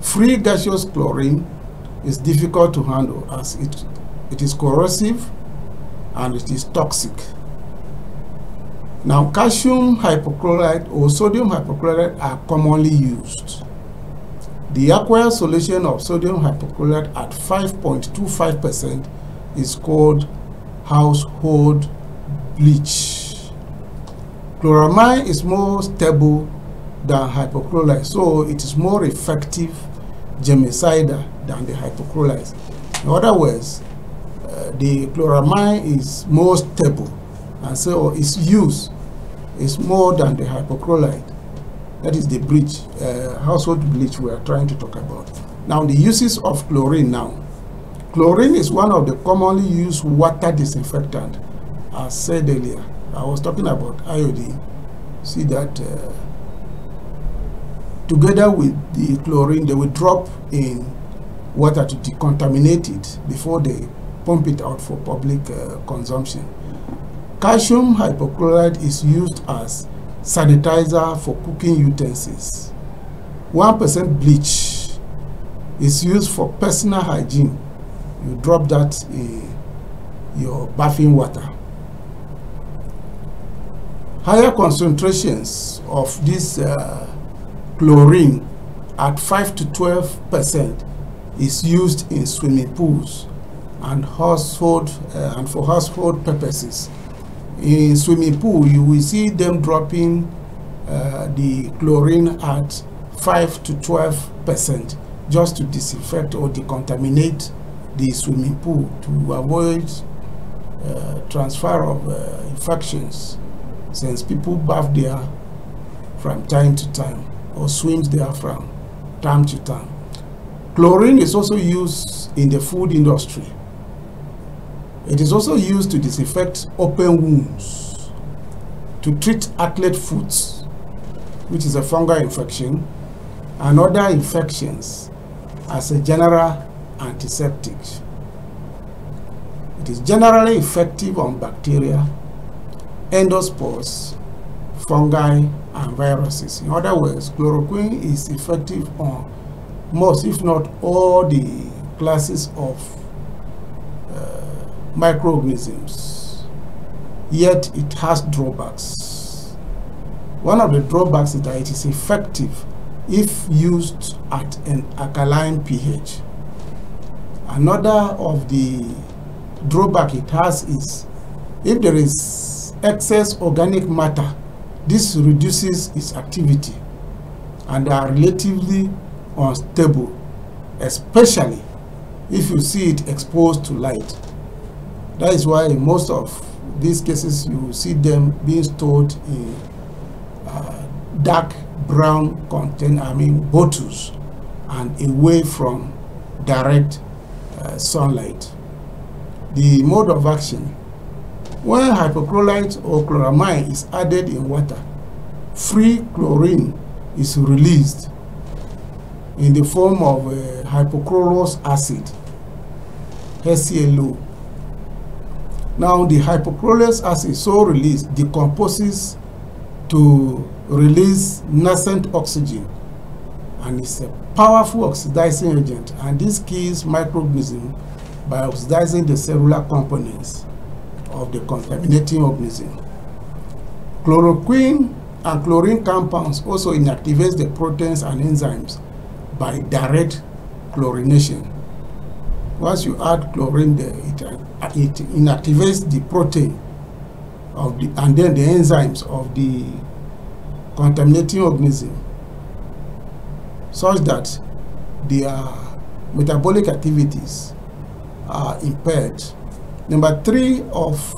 Free gaseous chlorine is difficult to handle as it, it is corrosive and it is toxic. Now calcium hypochlorite or sodium hypochlorite are commonly used. The aqueous solution of sodium hypochlorite at 5.25% is called household bleach. Chloramine is more stable than hypochlorite, so it is more effective germicide than the hypochlorite. In other words, uh, the chloramine is more stable and so its use is more than the hypochlorite. That is the bleach, uh, household bleach we are trying to talk about. Now the uses of chlorine now. Chlorine is one of the commonly used water disinfectant. I said earlier, I was talking about iodine. See that uh, together with the chlorine, they will drop in water to decontaminate it before they pump it out for public uh, consumption. Calcium hypochlorite is used as sanitizer for cooking utensils. 1% bleach is used for personal hygiene you drop that uh, your bathing water higher concentrations of this uh, chlorine at 5 to 12 percent is used in swimming pools and household uh, and for household purposes in swimming pool you will see them dropping uh, the chlorine at 5 to 12 percent just to disinfect or decontaminate the swimming pool to avoid uh, transfer of uh, infections since people bath there from time to time or swims there from time to time. Chlorine is also used in the food industry. It is also used to disinfect open wounds, to treat athlete foot, which is a fungal infection, and other infections as a general antiseptics. It is generally effective on bacteria, endospores, fungi, and viruses. In other words, chloroquine is effective on most, if not all, the classes of uh, microorganisms. Yet it has drawbacks. One of the drawbacks is that it is effective if used at an alkaline pH. Another of the drawback it has is if there is excess organic matter, this reduces its activity and are relatively unstable, especially if you see it exposed to light. That is why in most of these cases you see them being stored in uh, dark brown container, I mean bottles, and away from direct uh, sunlight. The mode of action. When hypochlorite or chloramine is added in water, free chlorine is released in the form of uh, hypochlorous acid, HClO. Now the hypochlorous acid so released decomposes to release nascent oxygen and it's a powerful oxidizing agent and this kills microorganisms by oxidizing the cellular components of the contaminating organism. Chloroquine and chlorine compounds also inactivate the proteins and enzymes by direct chlorination. Once you add chlorine there, it, uh, it inactivates the protein of the, and then the enzymes of the contaminating organism such that their metabolic activities are impaired. Number three of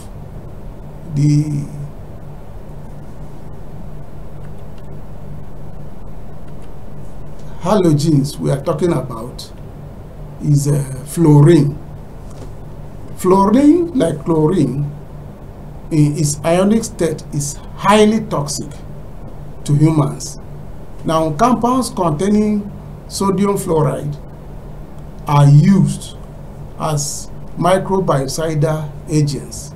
the halogens we are talking about is uh, fluorine. Fluorine, like chlorine, in its ionic state is highly toxic to humans now, compounds containing sodium fluoride are used as microbiocidal agents.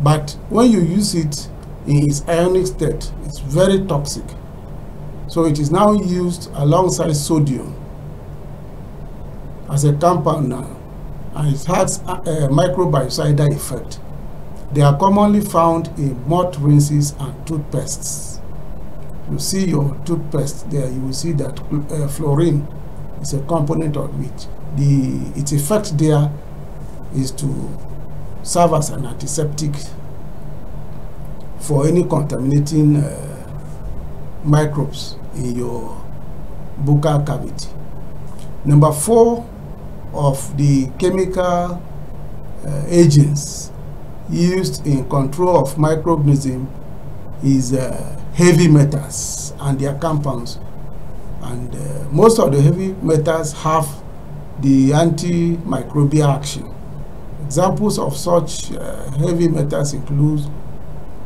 But when you use it in its ionic state, it's very toxic. So it is now used alongside sodium as a compound now, and it has a, a effect. They are commonly found in mouth rinses and toothpastes you see your toothpaste there, you will see that uh, fluorine is a component of it. The, its effect there is to serve as an antiseptic for any contaminating uh, microbes in your buccal cavity. Number four of the chemical uh, agents used in control of microbism is uh, heavy metals and their compounds and uh, most of the heavy metals have the antimicrobial action examples of such uh, heavy metals include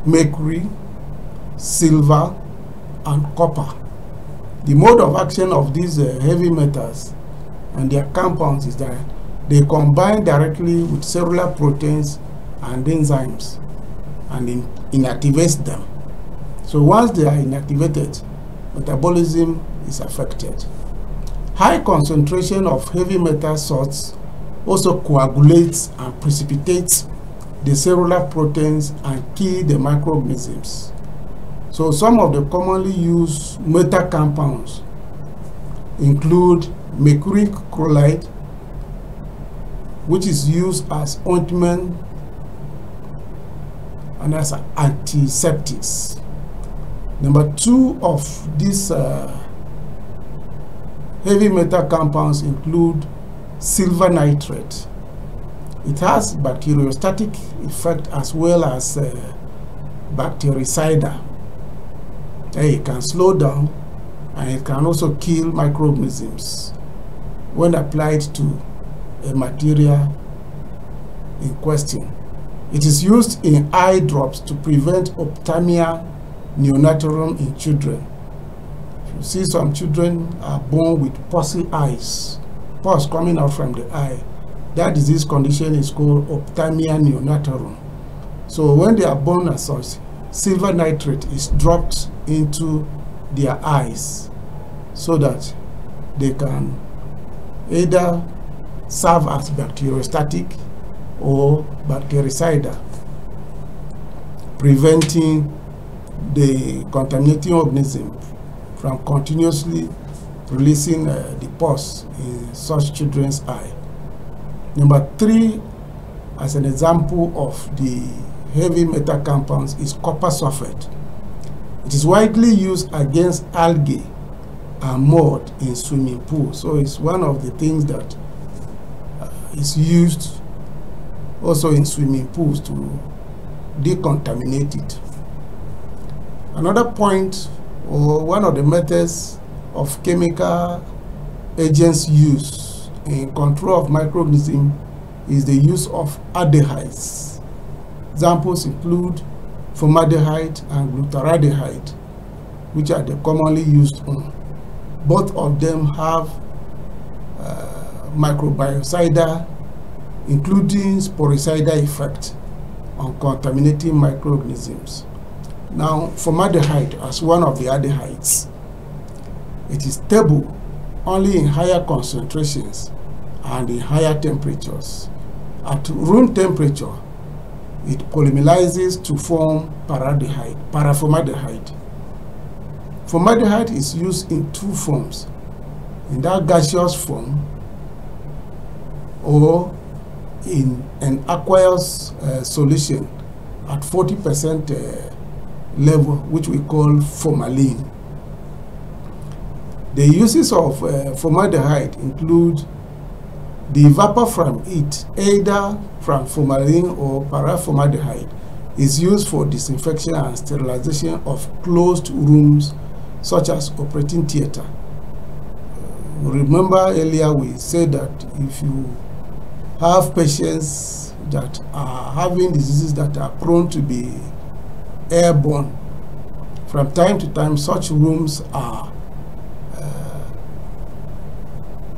mercury silver and copper the mode of action of these uh, heavy metals and their compounds is that they combine directly with cellular proteins and enzymes and in inactivates them so once they are inactivated, metabolism is affected. High concentration of heavy metal salts also coagulates and precipitates the cellular proteins and kill the microorganisms. So some of the commonly used metal compounds include mercuric chloride, which is used as ointment and as antiseptics. Number two of these uh, heavy metal compounds include silver nitrate. It has bacteriostatic effect as well as uh, bactericidal. it can slow down and it can also kill microorganisms when applied to a material in question. It is used in eye drops to prevent ophthalmia neonatorum in children. you see some children are born with pussy eyes, pus coming out from the eye. That disease condition is called optamia neonatorum. So when they are born as such, silver nitrate is dropped into their eyes so that they can either serve as bacteriostatic or bactericidal, preventing the contaminating organism from continuously releasing uh, the pus in such children's eye. Number three, as an example of the heavy metal compounds, is copper sulfate. It is widely used against algae and mold in swimming pools. So it's one of the things that uh, is used also in swimming pools to decontaminate it. Another point, or one of the methods of chemical agents used in control of microorganisms is the use of aldehydes. Examples include formaldehyde and glutaraldehyde, which are the commonly used one. Both of them have uh, including sporicidal effect on contaminating microorganisms. Now, formaldehyde as one of the aldehydes. It is stable only in higher concentrations and in higher temperatures. At room temperature, it polymerizes to form paradehyde, paraformaldehyde. Formaldehyde is used in two forms, in that gaseous form or in an aqueous uh, solution at 40% uh, level which we call formalin. The uses of uh, formaldehyde include the vapor from it, either from formalin or paraformaldehyde, is used for disinfection and sterilization of closed rooms such as operating theater. Uh, remember earlier we said that if you have patients that are having diseases that are prone to be airborne. From time to time, such rooms are uh,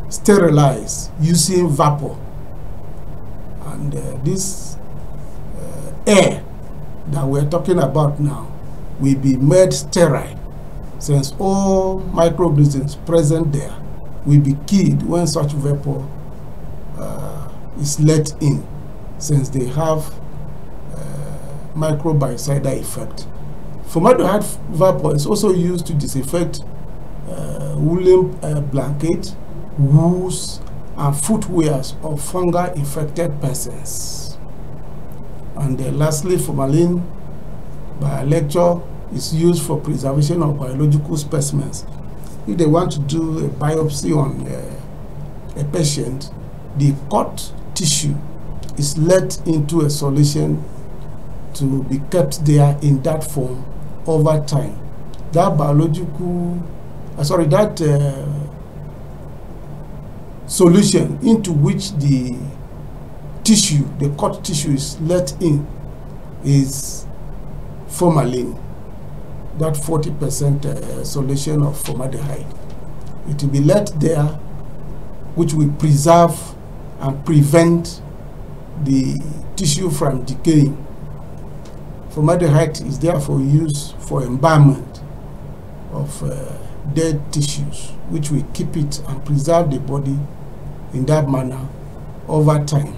sterilized using vapor. And uh, this uh, air that we're talking about now will be made sterile since all microorganisms present there will be killed when such vapor uh, is let in since they have Microbicidal effect. Formaldehyde vapor is also used to disinfect uh, woolen uh, blankets, wools, and footwears of fungi infected persons. And uh, lastly, formalin by lecture is used for preservation of biological specimens. If they want to do a biopsy on uh, a patient, the cut tissue is let into a solution to be kept there in that form over time. That biological, uh, sorry, that uh, solution into which the tissue, the cut tissue is let in is formalin, that 40% uh, solution of formaldehyde. It will be let there, which will preserve and prevent the tissue from decaying Formaldehyde is therefore used for embalmment of uh, dead tissues, which will keep it and preserve the body in that manner over time.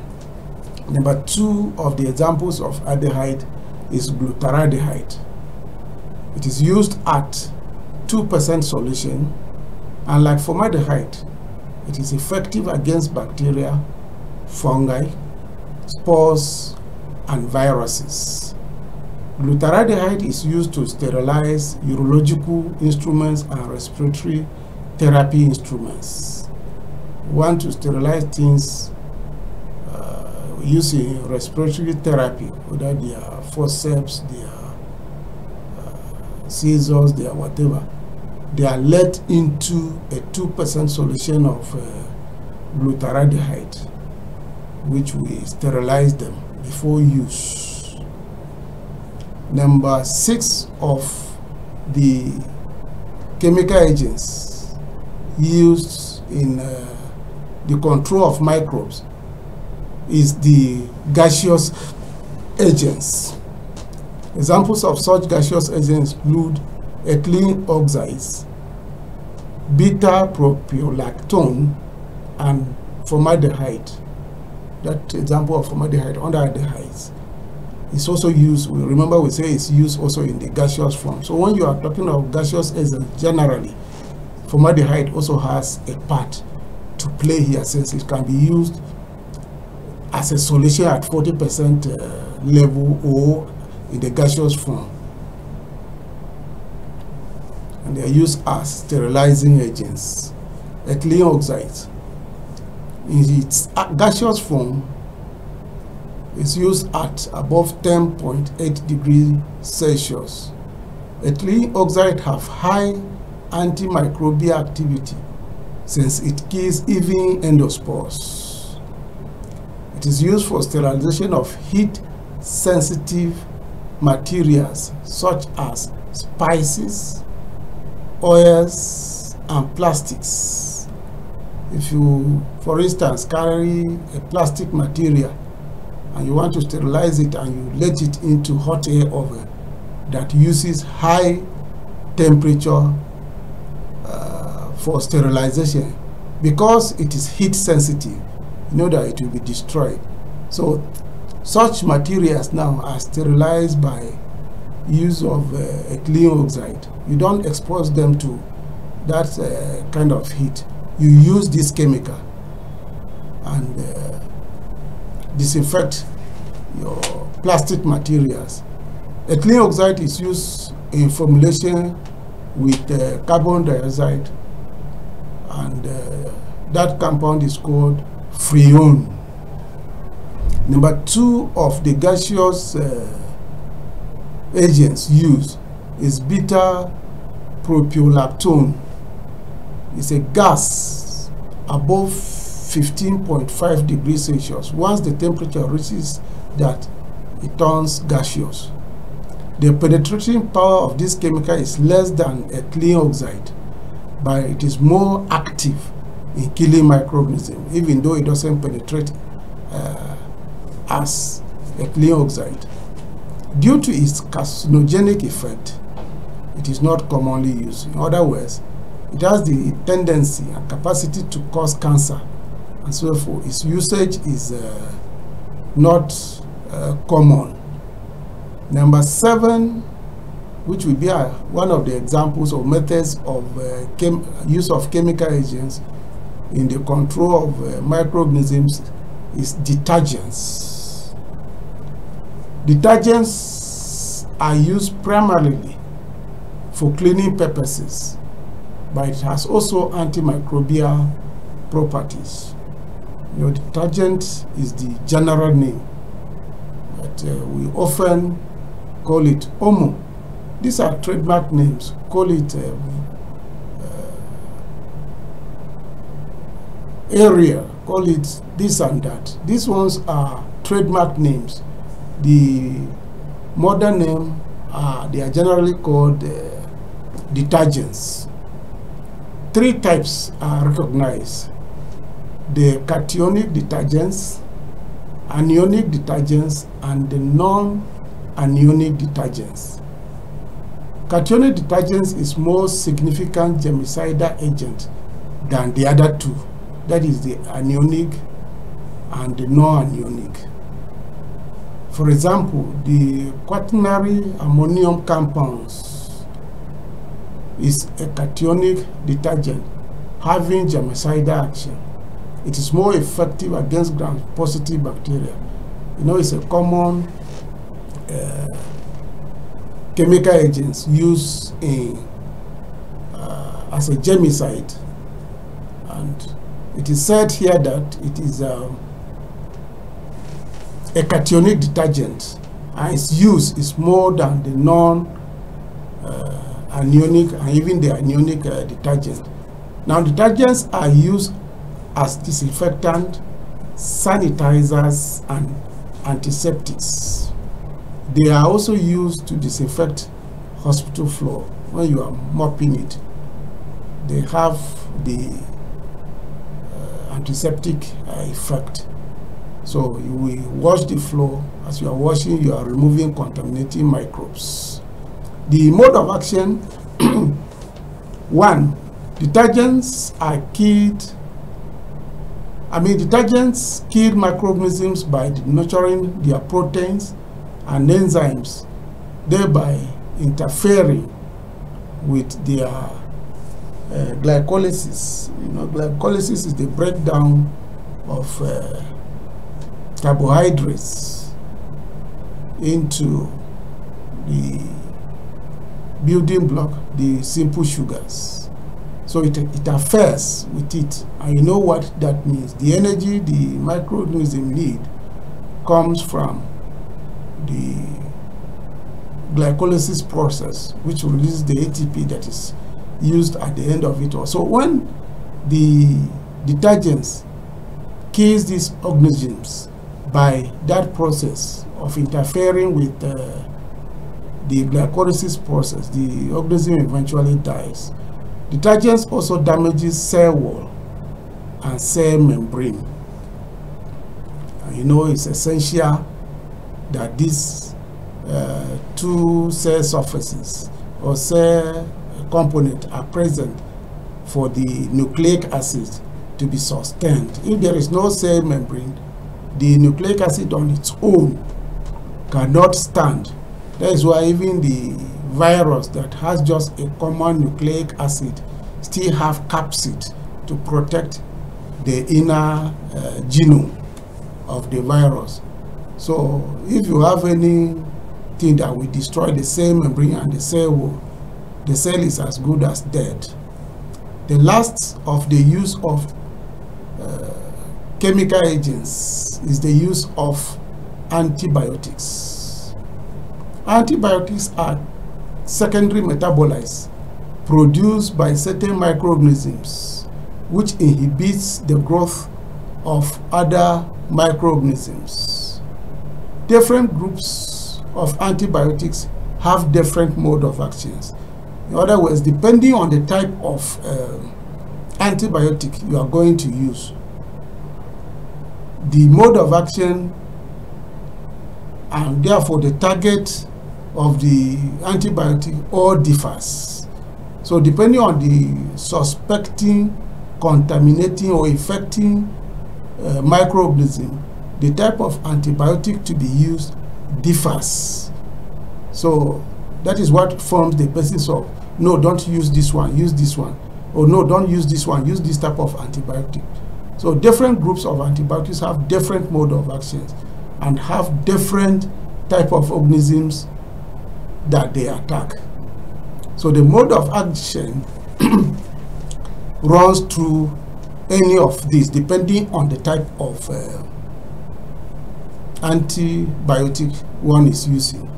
Number two of the examples of aldehyde is glutaraldehyde. It is used at 2% solution and like formaldehyde, it is effective against bacteria, fungi, spores, and viruses. Glutaraldehyde is used to sterilize urological instruments and respiratory therapy instruments. We want to sterilize things uh, using respiratory therapy, whether they are forceps, they are uh, scissors, they are whatever. They are let into a 2% solution of uh, glutaraldehyde, which we sterilize them before use number six of the chemical agents used in uh, the control of microbes is the gaseous agents. Examples of such gaseous agents include ethylene oxides, beta propiolactone, and formaldehyde. That example of formaldehyde, under aldehydes. It's also used, remember we say it's used also in the gaseous form. So when you are talking of gaseous exhale, generally, formaldehyde also has a part to play here since it can be used as a solution at 40% uh, level or in the gaseous form. And they are used as sterilizing agents. Ethylene oxide, in its gaseous form, is used at above 10.8 degrees Celsius. Ethylene oxide have high antimicrobial activity since it kills even endospores. It is used for sterilization of heat-sensitive materials such as spices, oils, and plastics. If you, for instance, carry a plastic material and you want to sterilize it and you let it into hot air oven that uses high temperature uh, for sterilization because it is heat sensitive you know that it will be destroyed so such materials now are sterilized by use of uh, ethylene oxide you don't expose them to that uh, kind of heat you use this chemical and uh, disinfect your plastic materials. Ethylene oxide is used in formulation with uh, carbon dioxide and uh, that compound is called freon. Number two of the gaseous uh, agents used is beta propiolactone. It's a gas above 15.5 degrees Celsius. Once the temperature reaches that, it turns gaseous. The penetrating power of this chemical is less than a clean oxide, but it is more active in killing microorganisms, even though it doesn't penetrate uh, as a clean oxide. Due to its carcinogenic effect, it is not commonly used. In other words, it has the tendency and capacity to cause cancer and so forth. Its usage is uh, not uh, common. Number seven, which will be uh, one of the examples of methods of uh, use of chemical agents in the control of uh, microorganisms is detergents. Detergents are used primarily for cleaning purposes, but it has also antimicrobial properties. You know, detergent is the general name, but uh, we often call it Omo. These are trademark names. Call it um, uh, area, call it this and that. These ones are trademark names. The modern name, uh, they are generally called uh, detergents. Three types are recognized the cationic detergents, anionic detergents, and the non-anionic detergents. Cationic detergents is more significant germicidal agent than the other two, that is the anionic and the non-anionic. For example, the quaternary ammonium compounds is a cationic detergent having germicidal action. It is more effective against gram-positive bacteria. You know, it's a common uh, chemical agent used in, uh, as a germicide. And it is said here that it is um, a cationic detergent and its use is more than the non uh, anionic and even the anionic uh, detergent. Now detergents are used as disinfectant, sanitizers, and antiseptics. They are also used to disinfect hospital floor when you are mopping it. They have the uh, antiseptic uh, effect. So you will wash the floor. As you are washing, you are removing contaminating microbes. The mode of action, one, detergents are killed I mean, detergents kill microorganisms by denaturing their proteins and enzymes, thereby interfering with their uh, glycolysis. You know, glycolysis is the breakdown of uh, carbohydrates into the building block, the simple sugars. So it, it affairs with it. And you know what that means. The energy the microorganism need comes from the glycolysis process, which releases the ATP that is used at the end of it all. So when the detergents kills these organisms by that process of interfering with uh, the glycolysis process, the organism eventually dies. Detergents also damages cell wall and cell membrane. And you know it's essential that these uh, two cell surfaces or cell component are present for the nucleic acid to be sustained. If there is no cell membrane, the nucleic acid on its own cannot stand. That is why even the virus that has just a common nucleic acid still have capsid to protect the inner uh, genome of the virus. So if you have anything that will destroy the cell membrane and the cell wall, the cell is as good as dead. The last of the use of uh, chemical agents is the use of antibiotics. Antibiotics are secondary metabolites produced by certain microorganisms which inhibits the growth of other microorganisms. Different groups of antibiotics have different mode of actions. In other words, depending on the type of uh, antibiotic you are going to use, the mode of action and therefore the target of the antibiotic all differs. So depending on the suspecting, contaminating or infecting uh, microorganism, the type of antibiotic to be used differs. So that is what forms the basis of, no, don't use this one, use this one. Or no, don't use this one, use this type of antibiotic. So different groups of antibiotics have different mode of actions and have different type of organisms that they attack. So the mode of action runs through any of these depending on the type of uh, antibiotic one is using.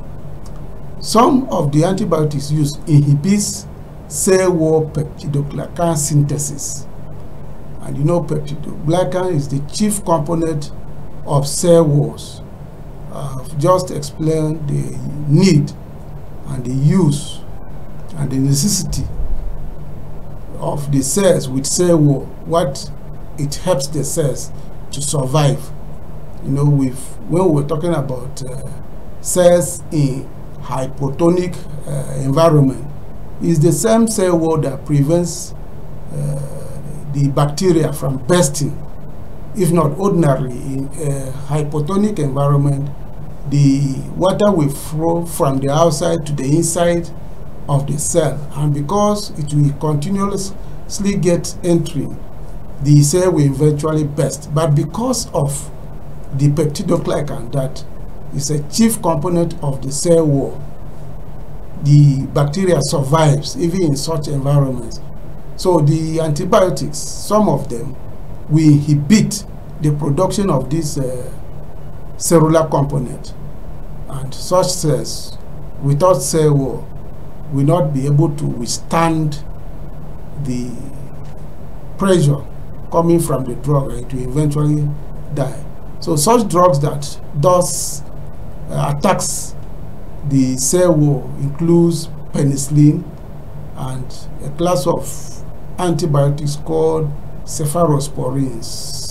Some of the antibiotics used inhibits cell wall peptidoglycan synthesis. And you know peptidoglycan is the chief component of cell walls. I've just explained the need and the use and the necessity of the cells with cell wall, what it helps the cells to survive. You know, with when we're talking about uh, cells in hypotonic uh, environment, is the same cell wall that prevents uh, the bacteria from bursting. If not ordinarily, in a hypotonic environment, the water will flow from the outside to the inside of the cell and because it will continuously get entering, the cell will eventually burst but because of the peptidoglycan that is a chief component of the cell wall the bacteria survives even in such environments so the antibiotics some of them will inhibit the production of this uh, cellular component. And such cells, without cell wall, will not be able to withstand the pressure coming from the drug and it will eventually die. So such drugs that does uh, attacks the cell wall includes penicillin and a class of antibiotics called cephalosporins.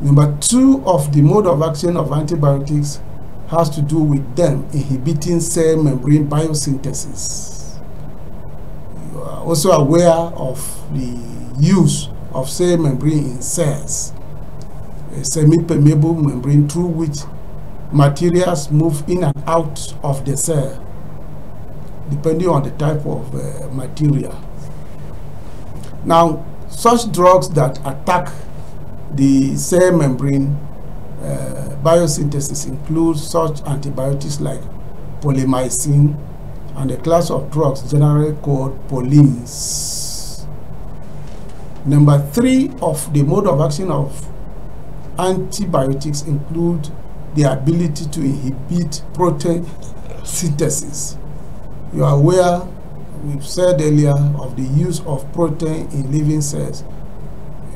Number two of the mode of action of antibiotics has to do with them inhibiting cell membrane biosynthesis. You are also aware of the use of cell membrane in cells, a semi-permeable membrane through which materials move in and out of the cell, depending on the type of uh, material. Now, such drugs that attack the cell membrane uh, biosynthesis includes such antibiotics like polymycin and a class of drugs generally called polines. Number three of the mode of action of antibiotics include the ability to inhibit protein synthesis. You are aware, we've said earlier, of the use of protein in living cells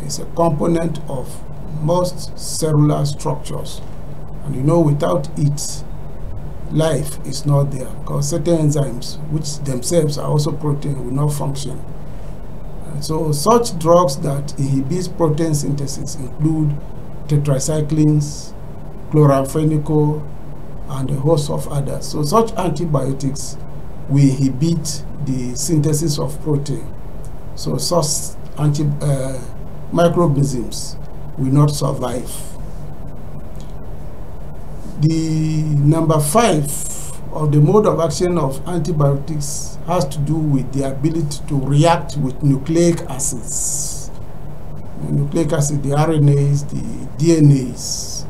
is a component of most cellular structures. And you know, without it, life is not there because certain enzymes, which themselves are also protein, will not function. And so such drugs that inhibit protein synthesis include tetracyclines, chloramphenicol, and a host of others. So such antibiotics will inhibit the synthesis of protein. So such anti uh, microbisms will not survive. The number five of the mode of action of antibiotics has to do with the ability to react with nucleic acids. The nucleic acid, the RNAs, the DNAs,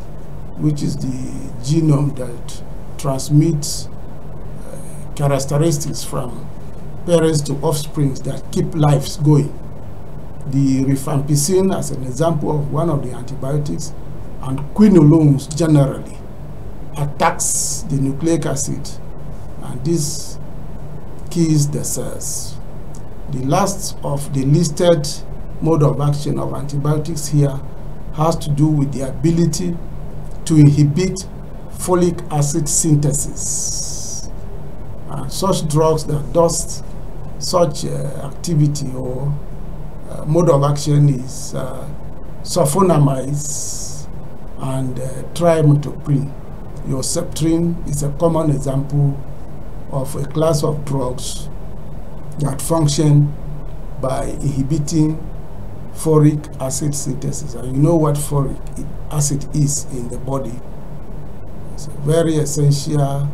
which is the genome that transmits uh, characteristics from parents to offsprings that keep lives going the rifampicin as an example of one of the antibiotics, and quinolones generally attacks the nucleic acid and this kills the cells. The last of the listed mode of action of antibiotics here has to do with the ability to inhibit folic acid synthesis. And such drugs that does such uh, activity or uh, mode of action is uh, sulfonamides and uh, Your Yoseprine is a common example of a class of drugs that function by inhibiting folic acid synthesis. And you know what folic acid is in the body. It's a very essential uh,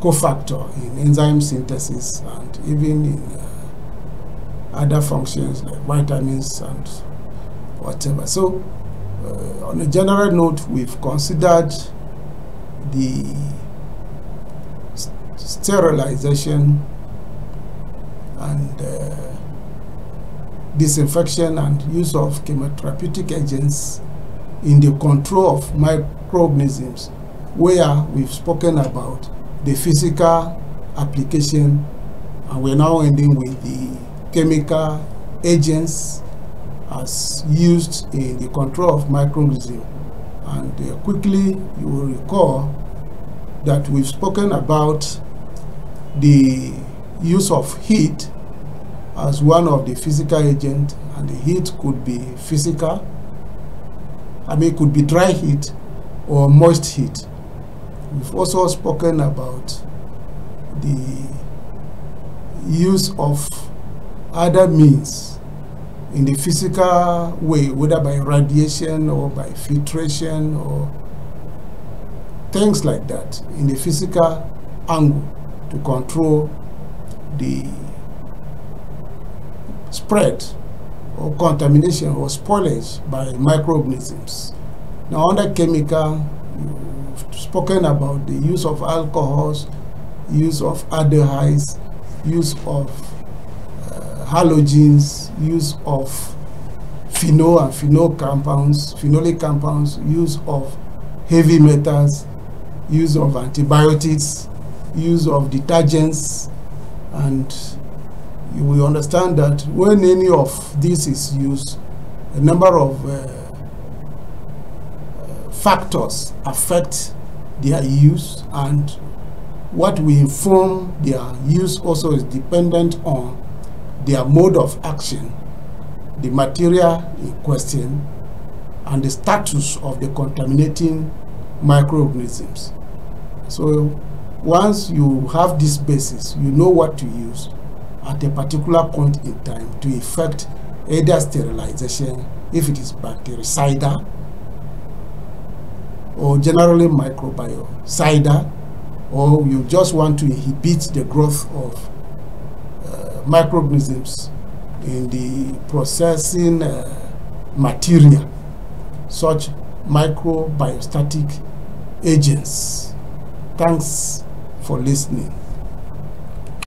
cofactor in enzyme synthesis and even in uh, other functions like vitamins and whatever. So uh, on a general note, we've considered the sterilization and uh, disinfection and use of chemotherapeutic agents in the control of microorganisms where we've spoken about the physical application and we're now ending with the chemical agents as used in the control of microorganism, And uh, quickly, you will recall that we've spoken about the use of heat as one of the physical agent and the heat could be physical i mean could be dry heat or moist heat we've also spoken about the use of other means in the physical way, whether by radiation or by filtration or things like that, in the physical angle to control the spread or contamination or spoilage by microorganisms. Now under chemical, you've spoken about the use of alcohols, use of aldehydes, use of halogens, use of phenol and phenol compounds, phenolic compounds, use of heavy metals, use of antibiotics, use of detergents, and you will understand that when any of this is used, a number of uh, factors affect their use and what we inform their use also is dependent on their mode of action, the material in question, and the status of the contaminating microorganisms. So once you have this basis, you know what to use at a particular point in time to effect either sterilization, if it is bactericidal, or generally microbiocide, or you just want to inhibit the growth of microorganisms in the processing uh, material, such microbiostatic agents. Thanks for listening.